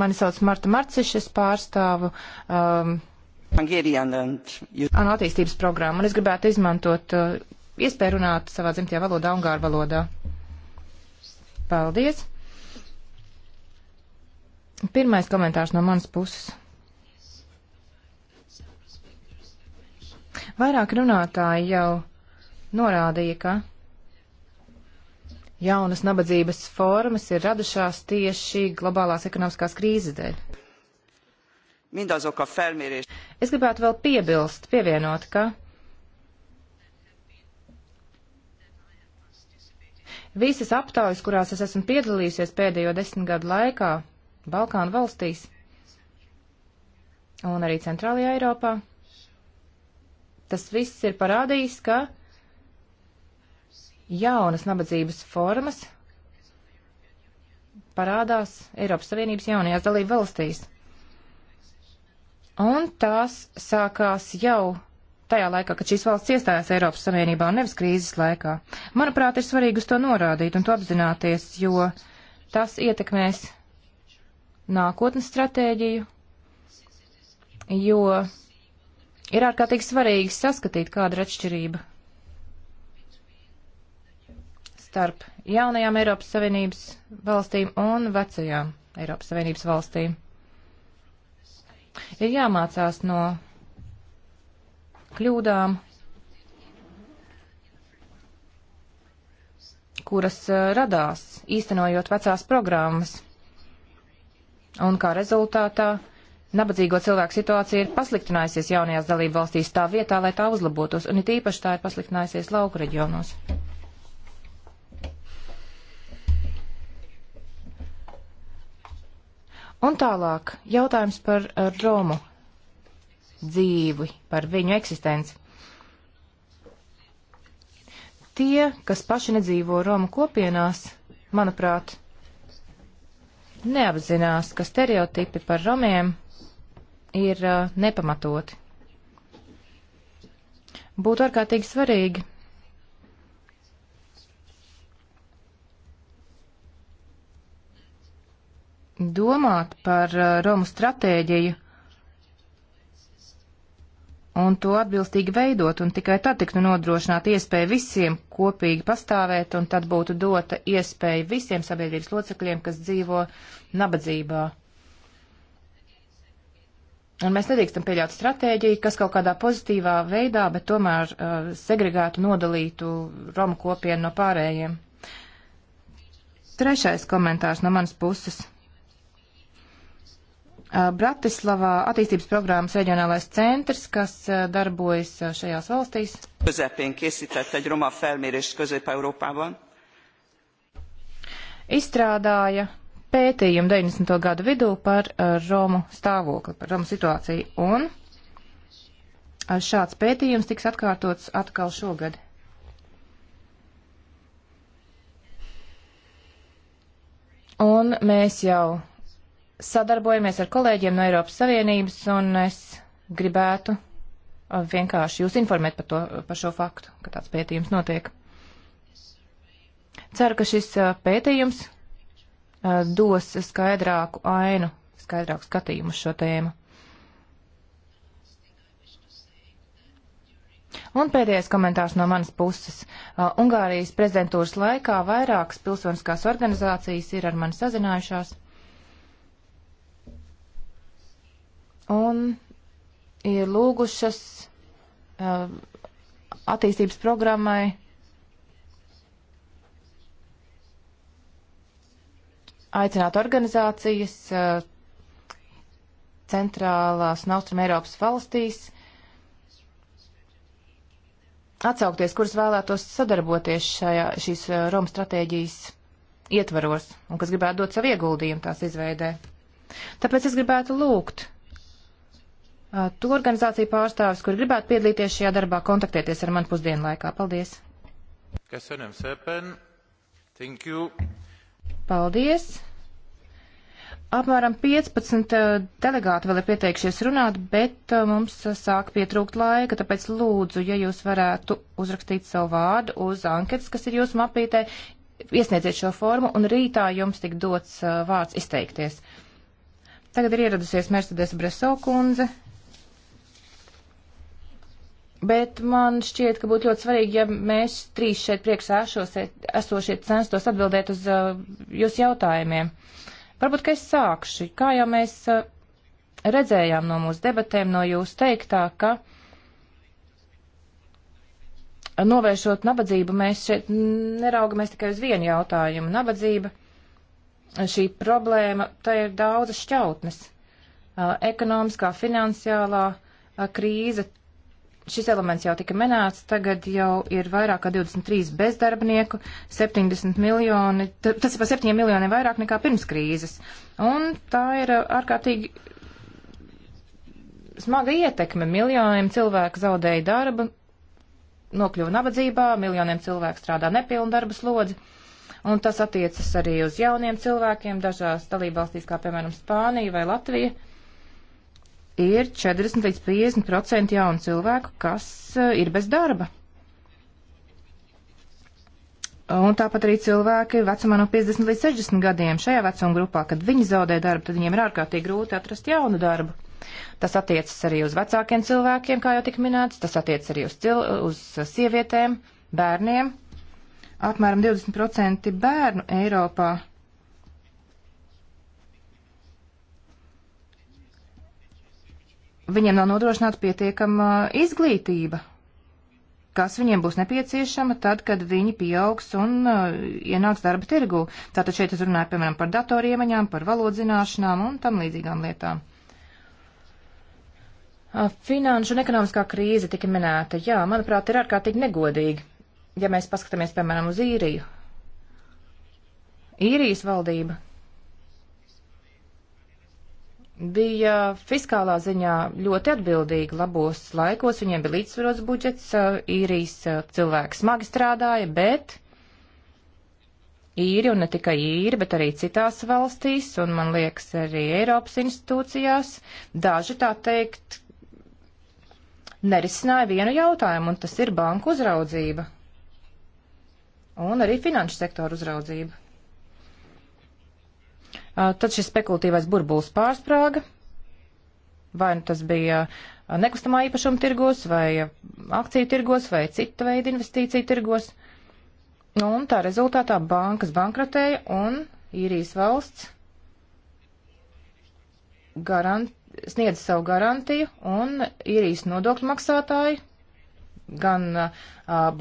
Mani sauc Marta Marciš, es pārstāvu um, ANO attīstības programmu, un es gribētu izmantot uh, iespēju runāt savā dzimtajā valodā, ungāru valodā. Paldies. Pirmais komentārs no manas puses. Vairāk runātāji jau norādīja, ka jaunas nabadzības formas ir radušās tieši globālās ekonomiskās krīzes dēļ. Mindazok a felmérés. Es gribētu vēl piebilst, pievienot, ka visas aptaujas, kurās es esmu piedalījusies pēdējo desmit gadu laikā, Balkānu valstīs un arī Centrālajā Eiropā, tas viss ir parādījis, ka jaunas nabadzības formas parādās Eiropas Savienības jaunajās dalību valstīs. Un tās sākās jau tajā laikā, kad šīs valsts iestājās Eiropas Savienībā un nevis krīzes laikā. Manuprāt, ir svarīgi uz to norādīt un to apzināties, jo tas ietekmēs nākotnes stratēģiju, jo ir ārkārtīgi svarīgi saskatīt, kāda ir atšķirība starp jaunajām Eiropas Savienības valstīm un vecajām Eiropas Savienības valstīm. Ir jāmācās no kļūdām, kuras eh, radās īstenojot vecās programmas, un kā rezultātā nabadzīgo cilvēku situācija ir pasliktinājusies jaunajās dalību valstīs tā vietā, lai tā uzlabotos, un it īpaši tā ir pasliktinājusies lauku reģionos. Un tālāk jautājums par eh, Romu dzīvi, par viņu eksistenci. Tie, kas paši nedzīvo Romu kopienās, manuprāt, neapzinās, ka stereotipi par romiem ir uh, nepamatoti. Būtu ārkārtīgi svarīgi domāt par uh, Romu stratēģiju un to atbilstīgi veidot, un tikai tad tiktu nodrošināta iespēja visiem kopīgi pastāvēt, un tad būtu dota iespēja visiem sabiedrības locekļiem, kas dzīvo nabadzībā. Un mēs nedrīkstam pieļaut stratēģiju, kas kaut kādā pozitīvā veidā, bet tomēr uh, segregētu, nodalītu Romu kopienu no pārējiem. Trešais komentārs no manas puses. Uh, Bratislavā attīstības programmas reģionālais centrs, kas uh, darbojas uh, šajās valstīs. Közepén készített egy roma felmérést Közép-Európában. Izstrādāja pētījumu 90. gadu vidū par Romu stāvokli, par Romu situāciju, un šāds pētījums tiks atkārtots atkal šogad. Un mēs jau sadarbojamies ar kolēģiem no Eiropas Savienības, un es gribētu uh, vienkārši jūs informēt par, to, par šo faktu, ka tāds pētījums notiek. Ceru, ka šis uh, pētījums uh, dos skaidrāku ainu, skaidrāku skatījumu uz šo tēmu. Un pēdējais komentārs no manas puses. Uh, Ungārijas prezidentūras laikā vairākas pilsoniskās organizācijas ir ar mani sazinājušās. un ir lūgušas uh, attīstības programmai aicināt organizācijas uh, centrālās un austrum Eiropas valstīs atsaukties, kuras vēlētos sadarboties šajā, šīs uh, Romas stratēģijas ietvaros un kas gribētu dot savu ieguldījumu tās izveidē. Tāpēc es gribētu lūgt to organizāciju pārstāvis, kur gribētu piedalīties šajā darbā, kontaktieties ar mani pusdienu laikā. Paldies! Paldies! Apmēram 15 delegāti vēl ir pieteikšies runāt, bet mums sāk pietrūkt laika, tāpēc lūdzu, ja jūs varētu uzrakstīt savu vārdu uz anketas, kas ir jūsu mapītē, iesniedziet šo formu un rītā jums tik dots vārds izteikties. Tagad ir ieradusies Mercedes Breso kundze. Bet man šķiet, ka būtu ļoti svarīgi, ja mēs trīs šeit priekšā esošie censtos atbildēt uz uh, jūsu jautājumiem. Varbūt, ka es sākšu. Kā jau mēs uh, redzējām no mūsu debatēm, no jūsu teiktā, ka novēršot nabadzību, mēs šeit neraugamies tikai uz vienu jautājumu. Nabadzība, šī problēma, tā ir daudzas šķautnes. Uh, ekonomiskā, finansiālā uh, krīze Šis elements jau tika minēts, tagad jau ir vairāk kā 23 bezdarbnieku, 70 miljoni, tas ir pa 7 miljoniem vairāk nekā pirms krīzes. Un tā ir uh, ārkārtīgi smaga ietekme. Miljoniem cilvēku zaudēja darbu, nokļuva nabadzībā, miljoniem cilvēku strādā nepilnu darba slodzi. Un tas attiecas arī uz jauniem cilvēkiem dažās dalībvalstīs, kā piemēram Spānija vai Latvija ir 40 līdz 50% jaunu cilvēku, kas eh, ir bez darba. Un tāpat arī cilvēki vecumā no 50 līdz 60 gadiem šajā vecuma grupā, kad viņi zaudē darbu, tad viņiem ir ārkārtīgi grūti atrast jaunu darbu. Tas attiecas arī uz vecākiem cilvēkiem, kā jau tika minēts, tas attiecas arī uz, cil, uz sievietēm, bērniem. Apmēram 20% bērnu Eiropā viņiem nav nodrošināta pietiekama uh, izglītība, kas viņiem būs nepieciešama tad, kad viņi pieaugs un uh, ienāks darba tirgu. Tātad šeit es runāju, piemēram, par datoriemaņām, par valodzināšanām un tam līdzīgām lietām. Uh, finanšu un ekonomiskā krīze tika minēta. Jā, manuprāt, ir ārkārtīgi negodīgi, ja mēs paskatāmies, piemēram, uz īriju. Īrijas valdība bija fiskālā ziņā ļoti atbildīgi labos laikos, viņiem bija līdzsvarots budžets, īrijas cilvēki smagi strādāja, bet īri un ne tikai īri, bet arī citās valstīs un, man liekas, arī Eiropas institūcijās daži tā teikt nerisināja vienu jautājumu, un tas ir banku uzraudzība un arī finanšu sektoru uzraudzība. Tad šis spekulatīvais burbulis pārsprāga. Vai nu tas bija nekustamā īpašuma tirgos, vai akciju tirgos, vai cita veida investīciju tirgos. Nu, un tā rezultātā bankas bankrotēja un īrijas valsts garant, sniedz savu garantiju un īrijas nodokļu maksātāji, gan uh,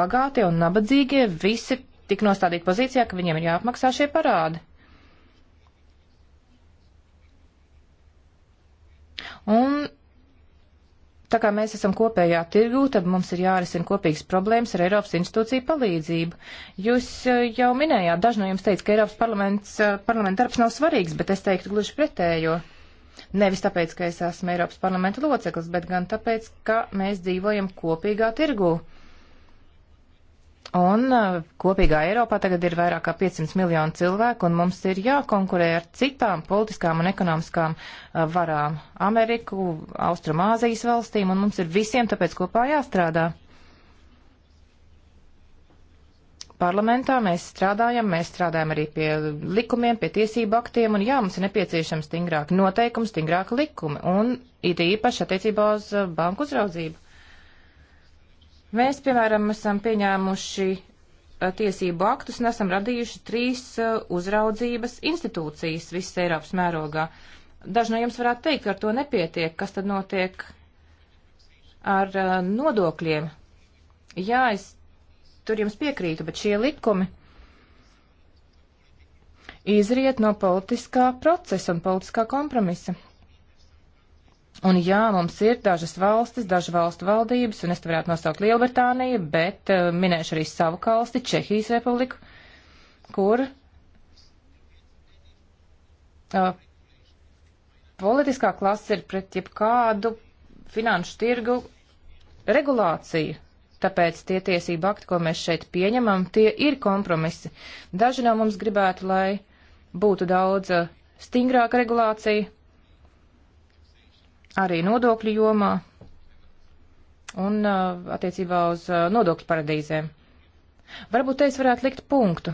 bagātie un nabadzīgie, visi tik nostādīti pozīcijā, ka viņiem ir jāapmaksā šie parādi. Un tā kā mēs esam kopējā tirgū, tad mums ir jārisina kopīgas problēmas ar Eiropas institūciju palīdzību. Jūs eh, jau minējāt, daži no jums teica, ka Eiropas parlaments, eh, parlamenta darbs nav svarīgs, bet es teiktu gluži pretējo. Nevis tāpēc, ka es esmu Eiropas parlamenta loceklis, bet gan tāpēc, ka mēs dzīvojam kopīgā tirgū. Un e, kopīgā Eiropā tagad ir vairāk kā 500 miljonu cilvēku, un mums ir jākonkurē ar citām politiskām un ekonomiskām e, varām - Ameriku, Austrumāzijas valstīm, un mums ir visiem tāpēc kopā jāstrādā. Parlamentā mēs strādājam, mēs strādājam arī pie likumiem, pie tiesību aktiem, un jā, mums ir nepieciešams stingrāk noteikumi, stingrāk likumi, un it īpaši attiecībā uz e, banku uzraudzību. Mēs, piemēram, esam pieņēmuši uh, tiesību aktus un esam radījuši trīs uh, uzraudzības institūcijas visas Eiropas mērogā. Daži no jums varētu teikt, ka ar to nepietiek. Kas tad notiek ar uh, nodokļiem? Jā, es tur jums piekrītu, bet šie likumi izriet no politiskā procesa un politiskā kompromisa. Un jā, mums ir dažas valstis, dažu valstu valdības, un es te varētu nosaukt Lielbritāniju, bet uh, minēšu arī savu valsti, Čehijas republiku, kur uh, politiskā klase ir pret jebkādu finanšu tirgu regulāciju. Tāpēc tie tiesību akti, ko mēs šeit pieņemam, tie ir kompromisi. Daži no mums gribētu, lai būtu daudz uh, stingrāka regulācija, arī nodokļu jomā un uh, attiecībā uz uh, nodokļu paradīzēm. Varbūt te es varētu likt punktu,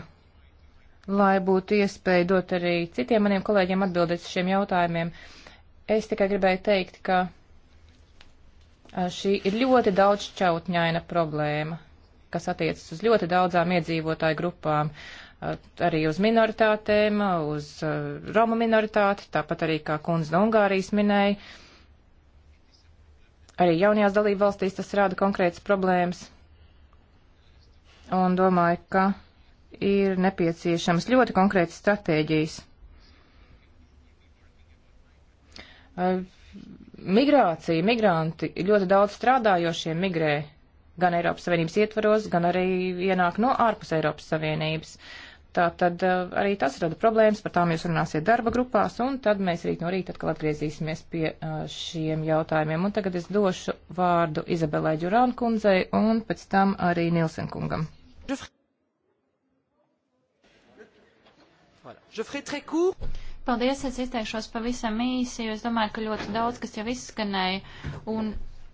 lai būtu iespēja dot arī citiem maniem kolēģiem atbildēt uz šiem jautājumiem. Es tikai gribēju teikt, ka uh, šī ir ļoti daudz šķautņaina problēma, kas attiecas uz ļoti daudzām iedzīvotāju grupām, arī uz minoritātēm, uz Roma minoritāti, tāpat arī kā kundze no Ungārijas minēja Arī jaunajās dalību valstīs tas rada konkrētas problēmas. Un domāju, ka ir nepieciešamas ļoti konkrētas stratēģijas. Migrācija, migranti, ļoti daudz strādājošie migrē gan Eiropas Savienības ietvaros, gan arī ienāk no ārpus Eiropas Savienības. Uh, Tā tad eh, arī tas rada problēmas, par tām jūs runāsiet darba grupās, un tad mēs rīt no rīta atkal atgriezīsimies pie eh, šiem jautājumiem. Un tagad es došu vārdu Izabelai Ģurānu kundzei un pēc tam arī Nilsen kungam. Paldies, es izteikšos pavisam īsi, jo es domāju, ka ļoti daudz, kas jau izskanēja, un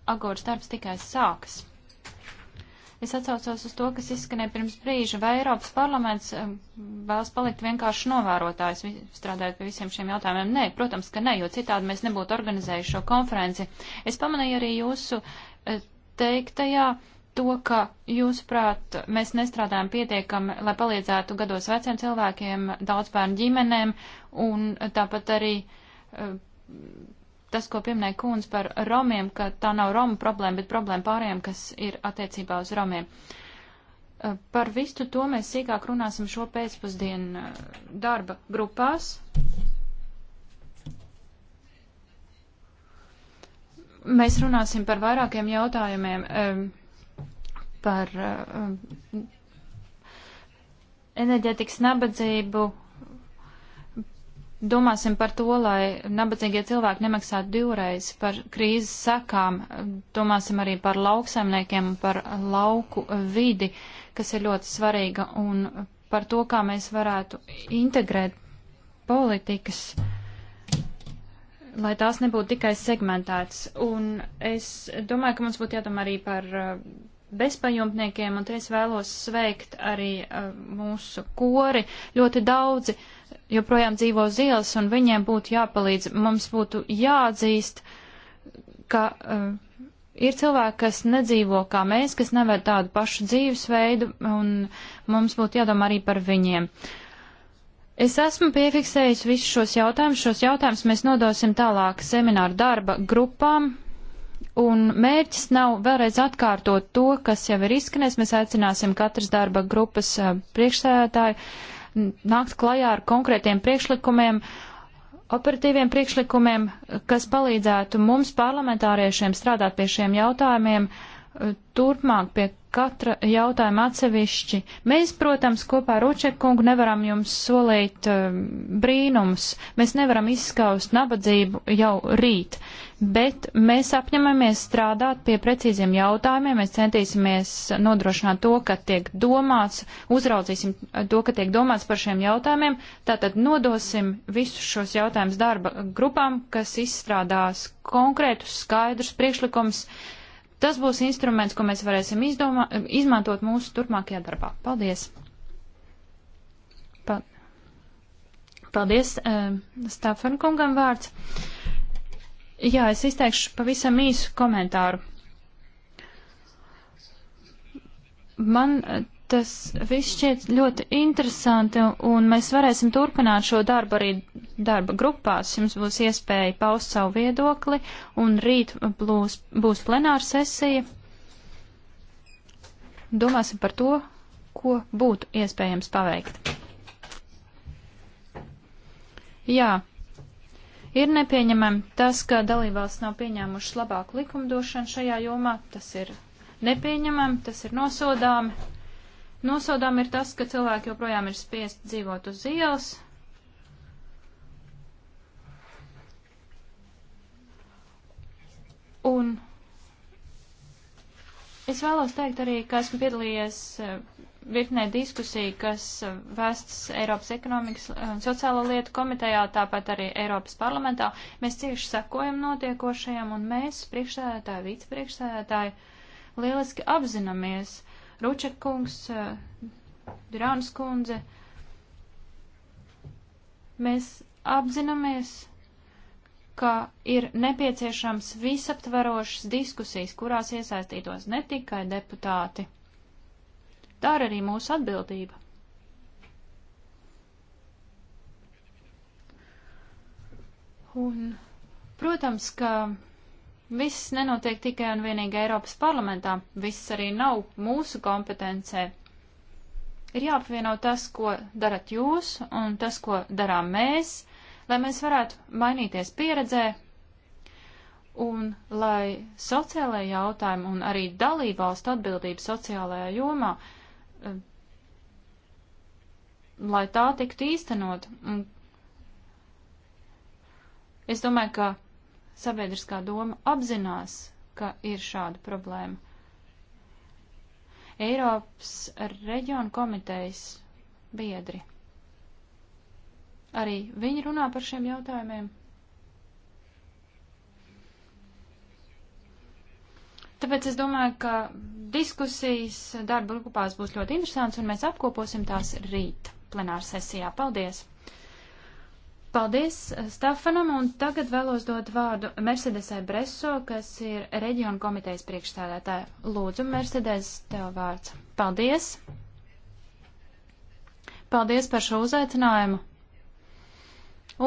Agoras darbs tikai sākas. Es atcaucos uz to, kas izskanēja pirms brīža, vai Eiropas parlaments um, vēlas palikt vienkārši novērotājs, strādājot pie visiem šiem jautājumiem. Nē, protams, ka nē, jo citādi mēs nebūtu organizējuši šo konferenci. Es pamanīju arī jūsu eh, teiktajā to, ka, jūsuprāt, mēs nestrādājam pietiekami, lai palīdzētu gados veciem cilvēkiem, daudz bērnu ģimenēm un tāpat arī eh, tas, ko pieminēja Kūns par romiem, ka tā nav Roma problēma, bet problēma pārējiem, kas ir attiecībā uz romiem. Eh, par visu to mēs sīkāk runāsim šo pēcpusdienu eh, darba grupās. Mēs runāsim par vairākiem jautājumiem, eh, par enerģētikas nabadzību, domāsim par to, lai nabadzīgie cilvēki nemaksātu divreiz par krīzes sekām, domāsim arī par lauksaimniekiem, par lauku vidi, kas ir ļoti svarīga, un par to, kā mēs varētu integrēt politikas, lai tās nebūtu tikai segmentētas. Un es domāju, ka mums būtu jādomā arī par uh, bezpajumtniekiem, un te es vēlos sveikt arī uh, mūsu kori ļoti daudzi. Uh, joprojām dzīvo zils un viņiem būtu jāpalīdz. Mums būtu jāatzīst, ka uh, ir cilvēki, kas nedzīvo kā mēs, kas nevēr tādu pašu dzīvesveidu, un mums būtu jādomā arī par viņiem. Es esmu piefiksējis visus šos jautājumus. Šos jautājumus mēs nodosim tālāk semināru darba grupām, un mērķis nav vēlreiz atkārtot to, kas jau ir izskanējis. Mēs aicināsim katras darba grupas eh, priekšsēdētāju nākt klajā ar konkrētiem priekšlikumiem, operatīviem priekšlikumiem, kas palīdzētu mums parlamentāriešiem strādāt pie šiem jautājumiem turpmāk pie katra jautājuma atsevišķi. Mēs, protams, kopā ar Učekungu nevaram jums solīt uh, um, brīnums, mēs nevaram izskaust nabadzību jau rīt, bet mēs apņemamies strādāt pie precīziem jautājumiem, mēs centīsimies nodrošināt to, ka tiek domāts, uzraudzīsim to, ka tiek domāts par šiem jautājumiem, tātad nodosim visus šos jautājumus darba grupām, kas izstrādās konkrētus skaidrus priekšlikumus Tas būs instruments, ko mēs varēsim izdomā, izmantot mūsu turpmākajā darbā. Paldies! Paldies, eh, Stefan kungam vārds. Jā, es izteikšu pavisam īsu komentāru. Man eh, Tas viss šķiet ļoti interesanti, un mēs varēsim turpināt šo darbu arī darba grupās. Jums būs iespēja paust savu viedokli, un rīt būs, būs plenāra sesija. Domāsim par to, ko būtu iespējams paveikt. Jā, ir nepieņemami tas, ka dalībvalsts nav pieņēmušas labāku likumdošanu šajā jomā. Tas ir nepieņemami, tas ir nosodāmi. Nosodām ir tas, ka cilvēki joprojām ir spiest dzīvot uz ielas. Un es vēlos teikt arī, ka esmu piedalījies eh, virknē diskusiju, kas eh, vēsts Eiropas ekonomikas un eh, sociālo lietu komitejā, tāpat arī Eiropas parlamentā. Mēs cieši sekojam notiekošajam un mēs, priekšsēdētāji, vicepriekšsēdētāji, lieliski apzināmies, Ručekungs, eh, Dirānas kundze. Mēs apzināmies, ka ir nepieciešams visaptvarošas diskusijas, kurās iesaistītos ne tikai deputāti. Tā ir arī mūsu atbildība. Un, protams, ka Viss nenotiek tikai un vienīgi Eiropas parlamentā, viss arī nav mūsu kompetencē. Ir jāapvieno tas, ko darat jūs un tas, ko darām mēs, lai mēs varētu mainīties pieredzē un lai sociālajie jautājumi un arī dalībvalstu atbildība sociālajā jomā, eh, lai tā tiktu īstenot. Un es domāju, ka sabiedriskā doma apzinās, ka ir šāda problēma. Eiropas reģionu komitejas biedri. Arī viņi runā par šiem jautājumiem. Tāpēc es domāju, ka diskusijas darba grupās būs ļoti interesants, un mēs apkoposim tās rīt plenāra sesijā. Paldies! Paldies eh, Stefanam, un tagad vēlos dot vārdu Mercedesai Breso, kas ir reģiona komitejas priekšstādētāja. Lūdzu, Mercedes, tev vārds. Paldies! Paldies par šo uzaicinājumu!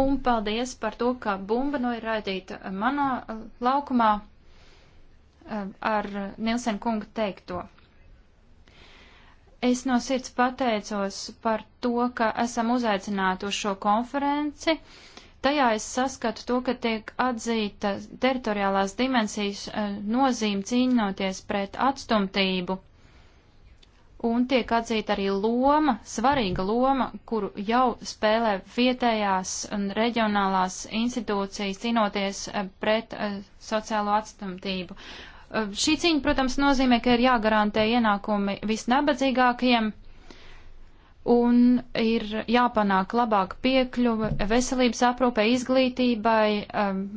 Un paldies par to, ka bumba no ir raidīta manā eh, laukumā eh, ar Nilsen kunga teikto. Es no sirds pateicos par to, ka esam uzaicināti uz šo konferenci. Tajā es saskatu to, ka tiek atzīta teritoriālās dimensijas eh, nozīme cīnoties pret atstumtību. Un tiek atzīta arī loma, svarīga loma, kuru jau spēlē vietējās un reģionālās institūcijas cīnoties eh, pret eh, sociālo atstumtību. Šī cīņa, protams, nozīmē, ka ir jāgarantē ienākumi visnabadzīgākajiem un ir jāpanāk labāka piekļuve veselības aprūpē, izglītībai,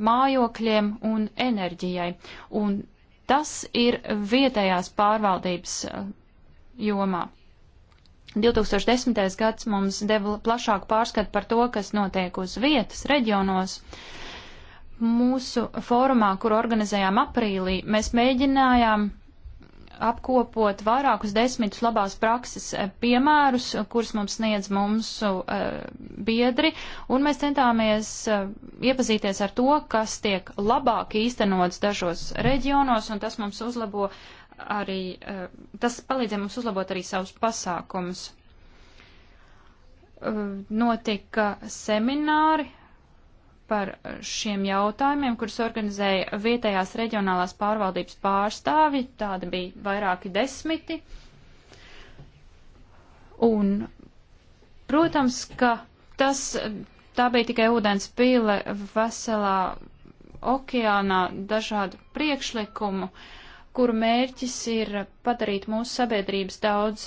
mājokļiem un enerģijai. Un tas ir vietējās pārvaldības jomā. 2010. gads mums deva plašāku pārskatu par to, kas notiek uz vietas, reģionos. Uh, Mūsu fórumā, kur organizējām aprīlī, mēs mēģinājām apkopot vairākus desmitus labās prakses eh, piemērus, eh, kurus mums sniedz mūsu uh, biedri, un mēs centāmies uh, iepazīties ar to, kas tiek labāk īstenots dažos reģionos, un tas mums uzlabo arī, uh, tas palīdzēja mums uzlabot arī savus pasākumus. Notika semināri par šiem jautājumiem, kurus organizēja vietējās reģionālās pārvaldības pārstāvi, tādi bija vairāki desmiti. Un, protams, ka tas, tā bija tikai ūdens pīle veselā okeānā dažādu priekšlikumu, kuru mērķis ir padarīt mūsu sabiedrības daudz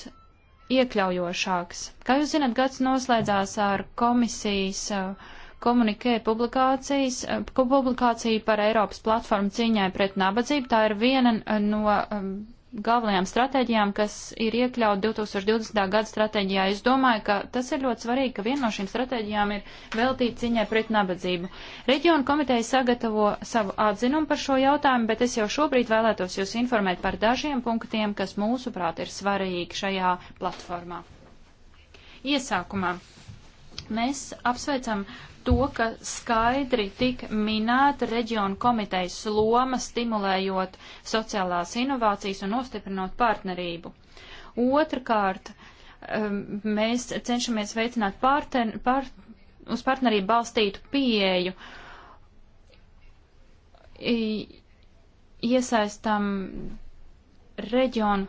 iekļaujošāks. Kā jūs zinat, gads noslēdzās ar komisijas uh, komunikē publikācijas, eh, publikācija par Eiropas platformu cīņai pret nabadzību. Tā ir viena eh, no um, galvenajām stratēģijām, kas ir iekļaut 2020. gada stratēģijā. Es domāju, ka tas ir ļoti svarīgi, ka viena no šīm stratēģijām ir veltīta cīņai pret nabadzību. Reģiona komiteja sagatavo savu atzinumu par šo jautājumu, bet es jau šobrīd vēlētos jūs informēt par dažiem punktiem, kas mūsuprāt ir svarīgi šajā platformā. Iesākumā Mēs apsveicam to, ka skaidri tik minēta reģionu komitejas loma stimulējot sociālās inovācijas un nostiprinot partnerību. Otrakārt, um, mēs cenšamies veicināt partner, par, uz partnerību balstītu pieeju. I, iesaistam reģionu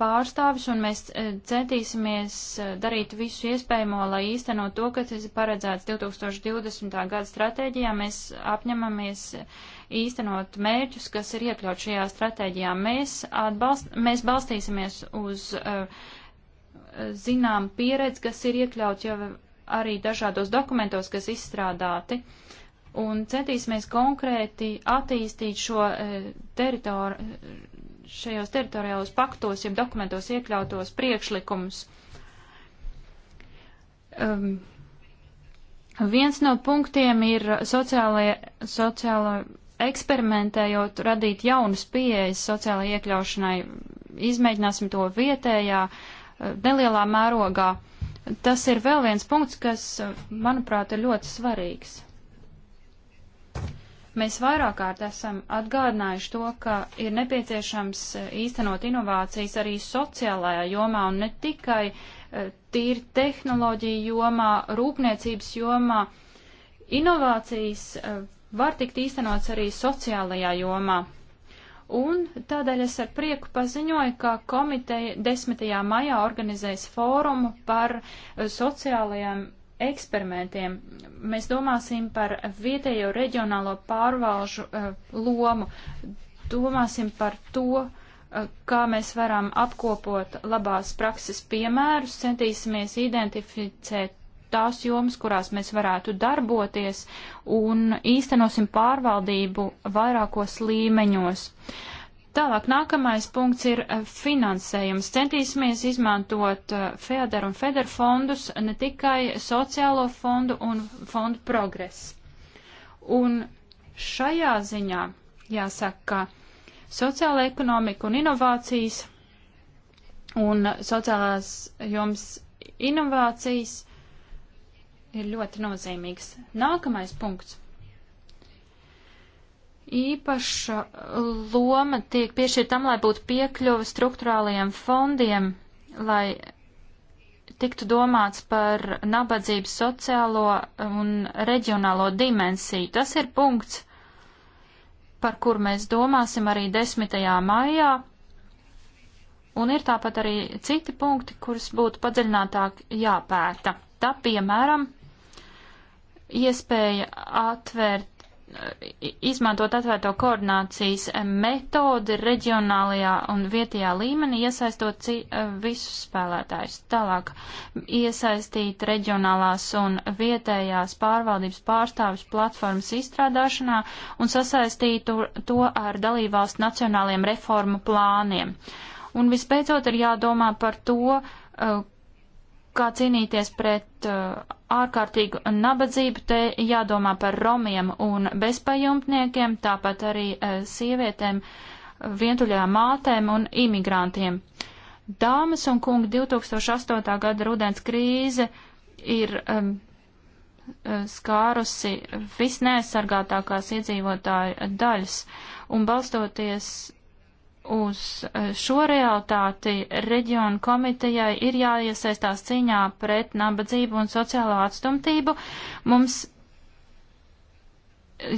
pārstāvis, un mēs eh, centīsimies eh, darīt visu iespējamo, lai īstenot to, kas ir paredzēts 2020. gada stratēģijā. Mēs apņemamies eh, īstenot mērķus, kas ir iekļaut šajā stratēģijā. Mēs, atbalst, mēs balstīsimies uz zinām pieredzi, kas ir iekļaut jau arī dažādos dokumentos, kas izstrādāti. Un centīsimies konkrēti attīstīt šo teritoriju šajos teritoriālos paktos, jeb dokumentos iekļautos priekšlikumus. Um, viens no punktiem ir sociālai, sociālai eksperimentējot, radīt jaunas pieejas sociālai iekļaušanai. Izmēģināsim to vietējā, uh, nelielā mērogā. Tas ir vēl viens punkts, kas, uh, manuprāt, ir ļoti svarīgs. Mēs vairāk kārt esam atgādinājuši to, ka ir nepieciešams eh, īstenot inovācijas arī sociālajā jomā un ne tikai eh, tīri tehnoloģiju jomā, rūpniecības jomā. Inovācijas eh, var tikt īstenots arī sociālajā jomā. Un tādēļ es ar prieku paziņoju, ka komiteja 10. maijā organizēs fórumu par sociālajām eksperimentiem. Mēs domāsim par vietējo reģionālo pārvalžu uh, lomu, domāsim par to, uh, kā mēs varam apkopot labās prakses piemērus, centīsimies identificēt tās jomas, kurās mēs varētu darboties un īstenosim pārvaldību vairākos līmeņos. Uh, Tālāk nākamais punkts ir eh, finansējums. Centīsimies izmantot eh, FEDER un FEDER fondus, ne tikai sociālo fondu un fondu progres. Un šajā ziņā jāsaka, ka sociāla ekonomika un inovācijas un sociālās jums inovācijas ir ļoti nozīmīgs. Nākamais punkts īpaša loma tiek piešķirta tam, lai būtu piekļuva struktūrālajiem fondiem, lai tiktu domāts par nabadzības sociālo un reģionālo dimensiju. Tas ir punkts, par kur mēs domāsim arī 10. maijā. Un ir tāpat arī citi punkti, kurus būtu padziļinātāk jāpēta. Tā piemēram, iespēja atvērt izmantot atvērto koordinācijas metodi reģionālajā un vietējā līmenī, iesaistot eh, visus spēlētājus. Tālāk iesaistīt reģionālās un vietējās pārvaldības pārstāvis platformas izstrādāšanā un sasaistīt to ar dalībvalstu nacionāliem reformu plāniem. Un visbeidzot ir jādomā par to, eh, kā cīnīties pret uh, ārkārtīgu nabadzību, te jādomā par romiem un bezpajumtniekiem, tāpat arī uh, sievietēm, vientuļajām mātēm un imigrantiem. Dāmas un kungi, 2008. gada rudens krīze ir um, skārusi visneaizsargātākās iedzīvotāju daļas, un balstoties uz eh, šo realitāti reģionu komitejai ir jāiesaistās cīņā pret nabadzību un sociālo atstumtību. Mums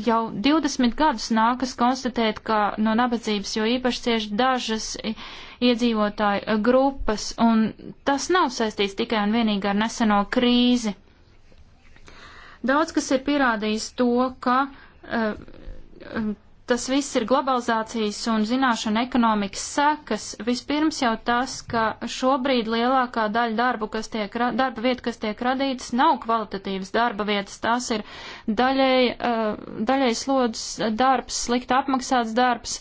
jau 20 gadus nākas konstatēt, ka no nabadzības jo īpaši cieši dažas iedzīvotāju eh, grupas, un tas nav saistīts tikai un vienīgi ar neseno krīzi. Daudz kas ir pierādījis to, ka uh, tas viss ir globalizācijas un zināšana ekonomikas sekas. Vispirms jau tas, ka šobrīd lielākā daļa darbu, kas tiek, darba vietu, kas tiek radītas, nav kvalitatīvas darba vietas. Tās ir daļai, uh, daļai slodzes darbs, slikti apmaksāts darbs.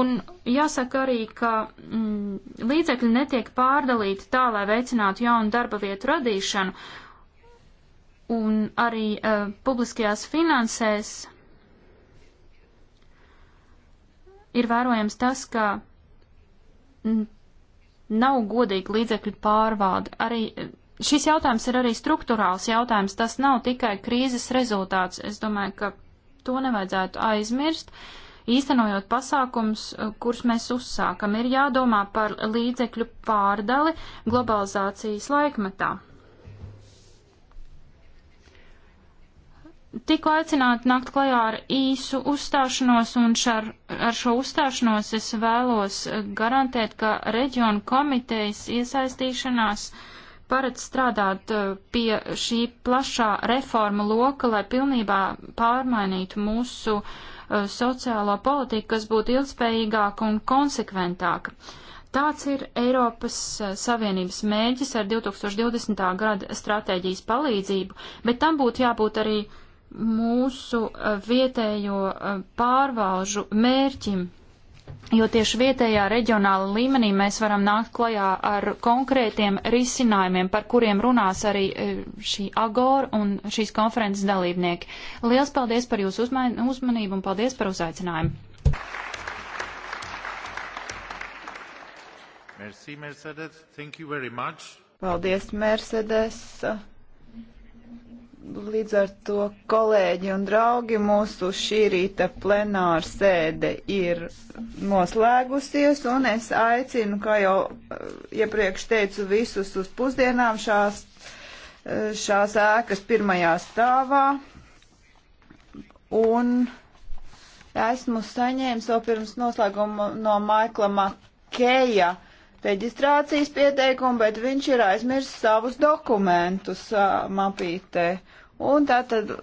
Un jāsaka arī, ka mm, līdzekļi netiek pārdalīti tā, lai veicinātu jaunu darba vietu radīšanu. Un arī uh, publiskajās finansēs ir vērojams tas, ka nav godīga līdzekļu pārvalde. Arī šis jautājums ir arī struktūrāls jautājums, tas nav tikai krīzes rezultāts. Es domāju, ka to nevajadzētu aizmirst. Īstenojot pasākums, kurus mēs uzsākam, ir jādomā par līdzekļu pārdali globalizācijas laikmetā. tiku aicināti nākt klajā ar īsu uzstāšanos, un šar, ar šo uzstāšanos es vēlos eh, garantēt, ka reģionu komitejas iesaistīšanās paredz strādāt eh, pie šī plašā reforma loka, lai pilnībā pārmainītu mūsu eh, sociālo politiku, kas būtu ilgspējīgāka un konsekventāka. Tāds ir Eiropas Savienības mēģis ar 2020. gada stratēģijas palīdzību, bet tam būtu jābūt arī mūsu eh, vietējo eh, pārvalžu mērķim, jo tieši vietējā reģionāla līmenī mēs varam nākt klajā ar konkrētiem risinājumiem, par kuriem runās arī eh, šī agora un šīs konferences dalībnieki. Liels paldies par jūsu uzmanību un paldies par uzaicinājumu! Merci, Mercedes. Thank you very much. Paldies, Mercedes. Līdz ar to, kolēģi un draugi, mūsu šī rīta plenāra sēde ir noslēgusies, un es aicinu, kā jau eh, iepriekš teicu, visus uz pusdienām šās, eh, šās ēkas pirmajā stāvā. Un esmu saņēmis vēl pirms noslēguma no Maikla Makeja reģistrācijas pieteikumu, bet viņš ir aizmirsis savus dokumentus uh, mapītē. Un tātad